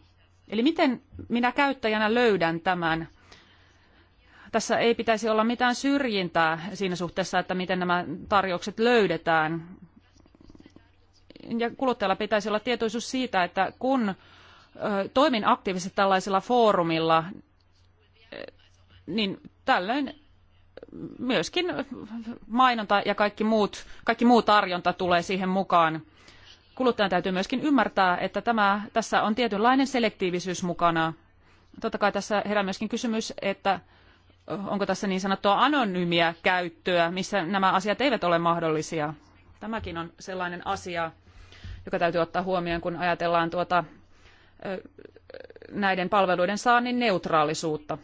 Eli miten minä käyttäjänä löydän tämän? Tässä ei pitäisi olla mitään syrjintää siinä suhteessa, että miten nämä tarjoukset löydetään. Ja kuluttajalla pitäisi olla tietoisuus siitä, että kun toimin aktiivisesti tällaisella foorumilla, niin tällöin myöskin mainonta ja kaikki, muut, kaikki muu tarjonta tulee siihen mukaan kuluttajan täytyy myöskin ymmärtää, että tämä, tässä on tietynlainen selektiivisyys mukana. Totta kai tässä herää myöskin kysymys, että onko tässä niin sanottua anonyymiä käyttöä, missä nämä asiat eivät ole mahdollisia. Tämäkin on sellainen asia, joka täytyy ottaa huomioon, kun ajatellaan tuota, näiden palveluiden saannin neutraalisuutta.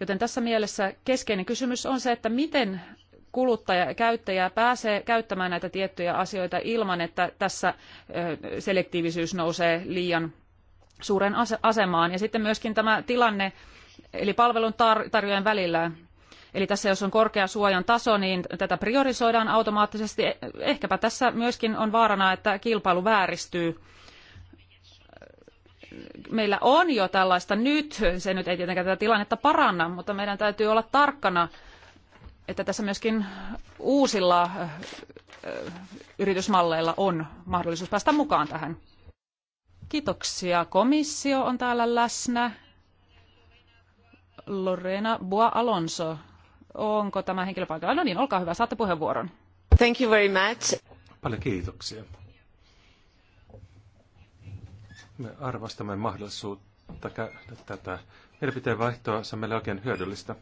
Joten tässä mielessä keskeinen kysymys on se, että miten kuluttaja, käyttäjä pääsee käyttämään näitä tiettyjä asioita ilman, että tässä selektiivisyys nousee liian suuren asemaan. Ja sitten myöskin tämä tilanne, eli palvelun tar- tarjoajan välillä, Eli tässä jos on korkea suojan taso, niin tätä priorisoidaan automaattisesti. Ehkäpä tässä myöskin on vaarana, että kilpailu vääristyy. Meillä on jo tällaista nyt, se nyt ei tietenkään tätä tilannetta paranna, mutta meidän täytyy olla tarkkana että tässä myöskin uusilla äh, äh, yritysmalleilla on mahdollisuus päästä mukaan tähän. Kiitoksia. Komissio on täällä läsnä. Lorena bua Alonso. Onko tämä henkilö paikalla? No niin, olkaa hyvä, saatte puheenvuoron. Thank you very much. Paljon kiitoksia. Me arvostamme mahdollisuutta käydä tätä mielipiteen vaihtoa. Se on meille oikein hyödyllistä.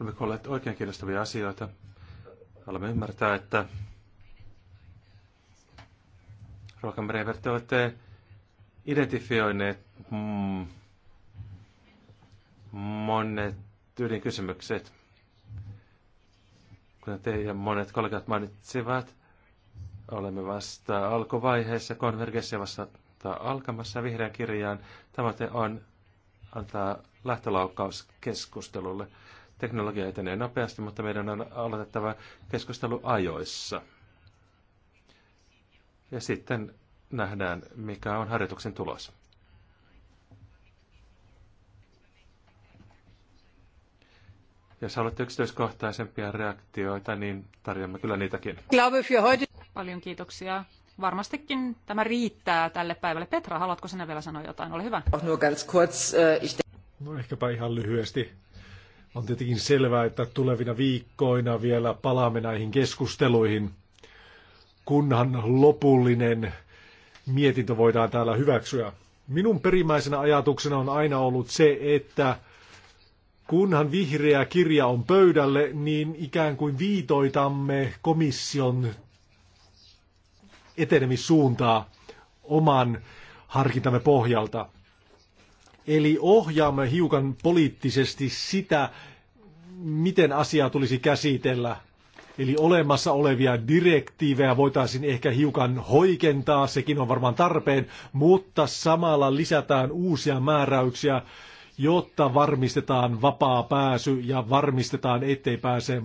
Olemme kuulleet oikein kiinnostavia asioita. Haluamme ymmärtää, että ruokamerevert te olette identifioineet mm, monet ydinkysymykset, kuten te ja monet kollegat mainitsivat. Olemme vasta alkuvaiheessa, konvergenssia vasta alkamassa vihreän kirjaan. Tavoite on antaa lähtölaukaus keskustelulle. Teknologia etenee nopeasti, mutta meidän on aloitettava keskustelu ajoissa. Ja sitten nähdään, mikä on harjoituksen tulos. Jos haluatte yksityiskohtaisempia reaktioita, niin tarjoamme kyllä niitäkin. Paljon kiitoksia. Varmastikin tämä riittää tälle päivälle. Petra, haluatko sinä vielä sanoa jotain? Ole hyvä. Äh, no ehkäpä ihan lyhyesti. On tietenkin selvää, että tulevina viikkoina vielä palaamme näihin keskusteluihin, kunhan lopullinen mietintö voidaan täällä hyväksyä. Minun perimmäisenä ajatuksena on aina ollut se, että kunhan vihreä kirja on pöydälle, niin ikään kuin viitoitamme komission etenemissuuntaa oman harkintamme pohjalta. Eli ohjaamme hiukan poliittisesti sitä, miten asiaa tulisi käsitellä. Eli olemassa olevia direktiivejä voitaisiin ehkä hiukan hoikentaa, sekin on varmaan tarpeen, mutta samalla lisätään uusia määräyksiä, jotta varmistetaan vapaa pääsy ja varmistetaan, ettei pääse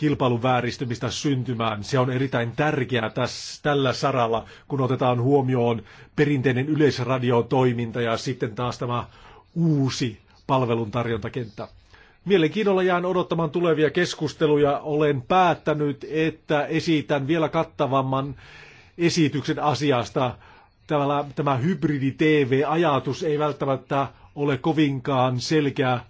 kilpailun vääristymistä syntymään. Se on erittäin tärkeää tässä, tällä saralla, kun otetaan huomioon perinteinen toiminta ja sitten taas tämä uusi palveluntarjontakenttä. Mielenkiinnolla jään odottamaan tulevia keskusteluja. Olen päättänyt, että esitän vielä kattavamman esityksen asiasta. Tämä, tämä hybridi-TV-ajatus ei välttämättä ole kovinkaan selkeä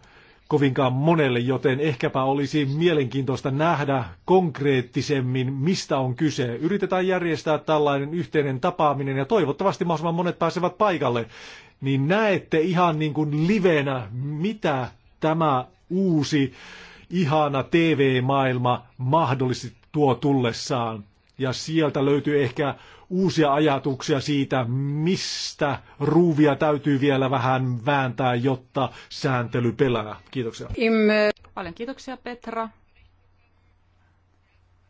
kovinkaan monelle, joten ehkäpä olisi mielenkiintoista nähdä konkreettisemmin, mistä on kyse. Yritetään järjestää tällainen yhteinen tapaaminen ja toivottavasti mahdollisimman monet pääsevät paikalle. Niin näette ihan niin kuin livenä, mitä tämä uusi ihana TV-maailma mahdollisesti tuo tullessaan. Ja sieltä löytyy ehkä uusia ajatuksia siitä, mistä ruuvia täytyy vielä vähän vääntää, jotta sääntely pelää. Kiitoksia. Imme. Paljon kiitoksia Petra.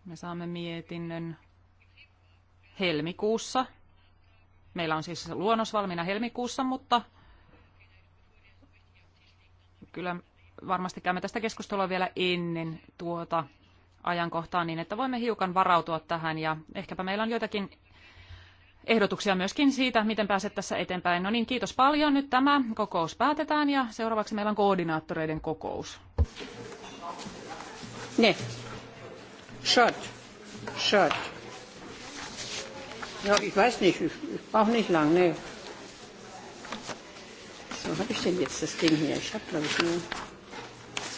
Me saamme mietinnön helmikuussa. Meillä on siis luonnos valmiina helmikuussa, mutta kyllä varmasti käymme tästä keskustelua vielä ennen tuota ajankohtaa niin, että voimme hiukan varautua tähän ja ehkäpä meillä on joitakin ehdotuksia myöskin siitä, miten pääset tässä eteenpäin. No niin, kiitos paljon. Nyt tämä kokous päätetään ja seuraavaksi meillä on koordinaattoreiden kokous. Ne. Short. Short. Ja, ich weiß nicht, ich brauche nicht lang, ne. So, habe ich denn jetzt das Ding hier? Ich habe, glaube ich, nur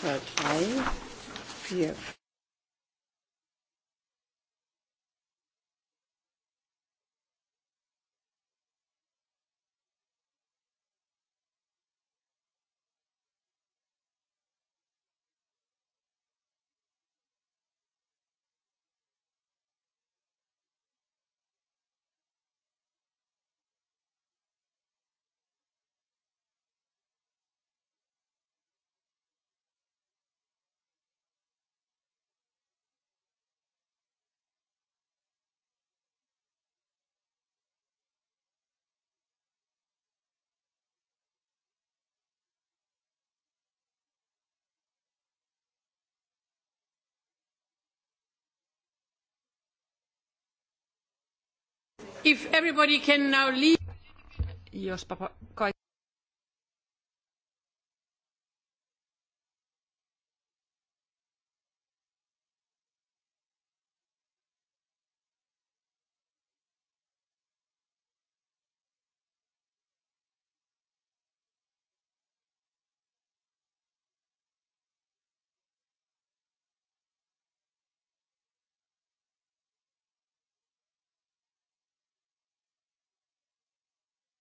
zwei, drei, vier. jospa kaikki voisivat now leave.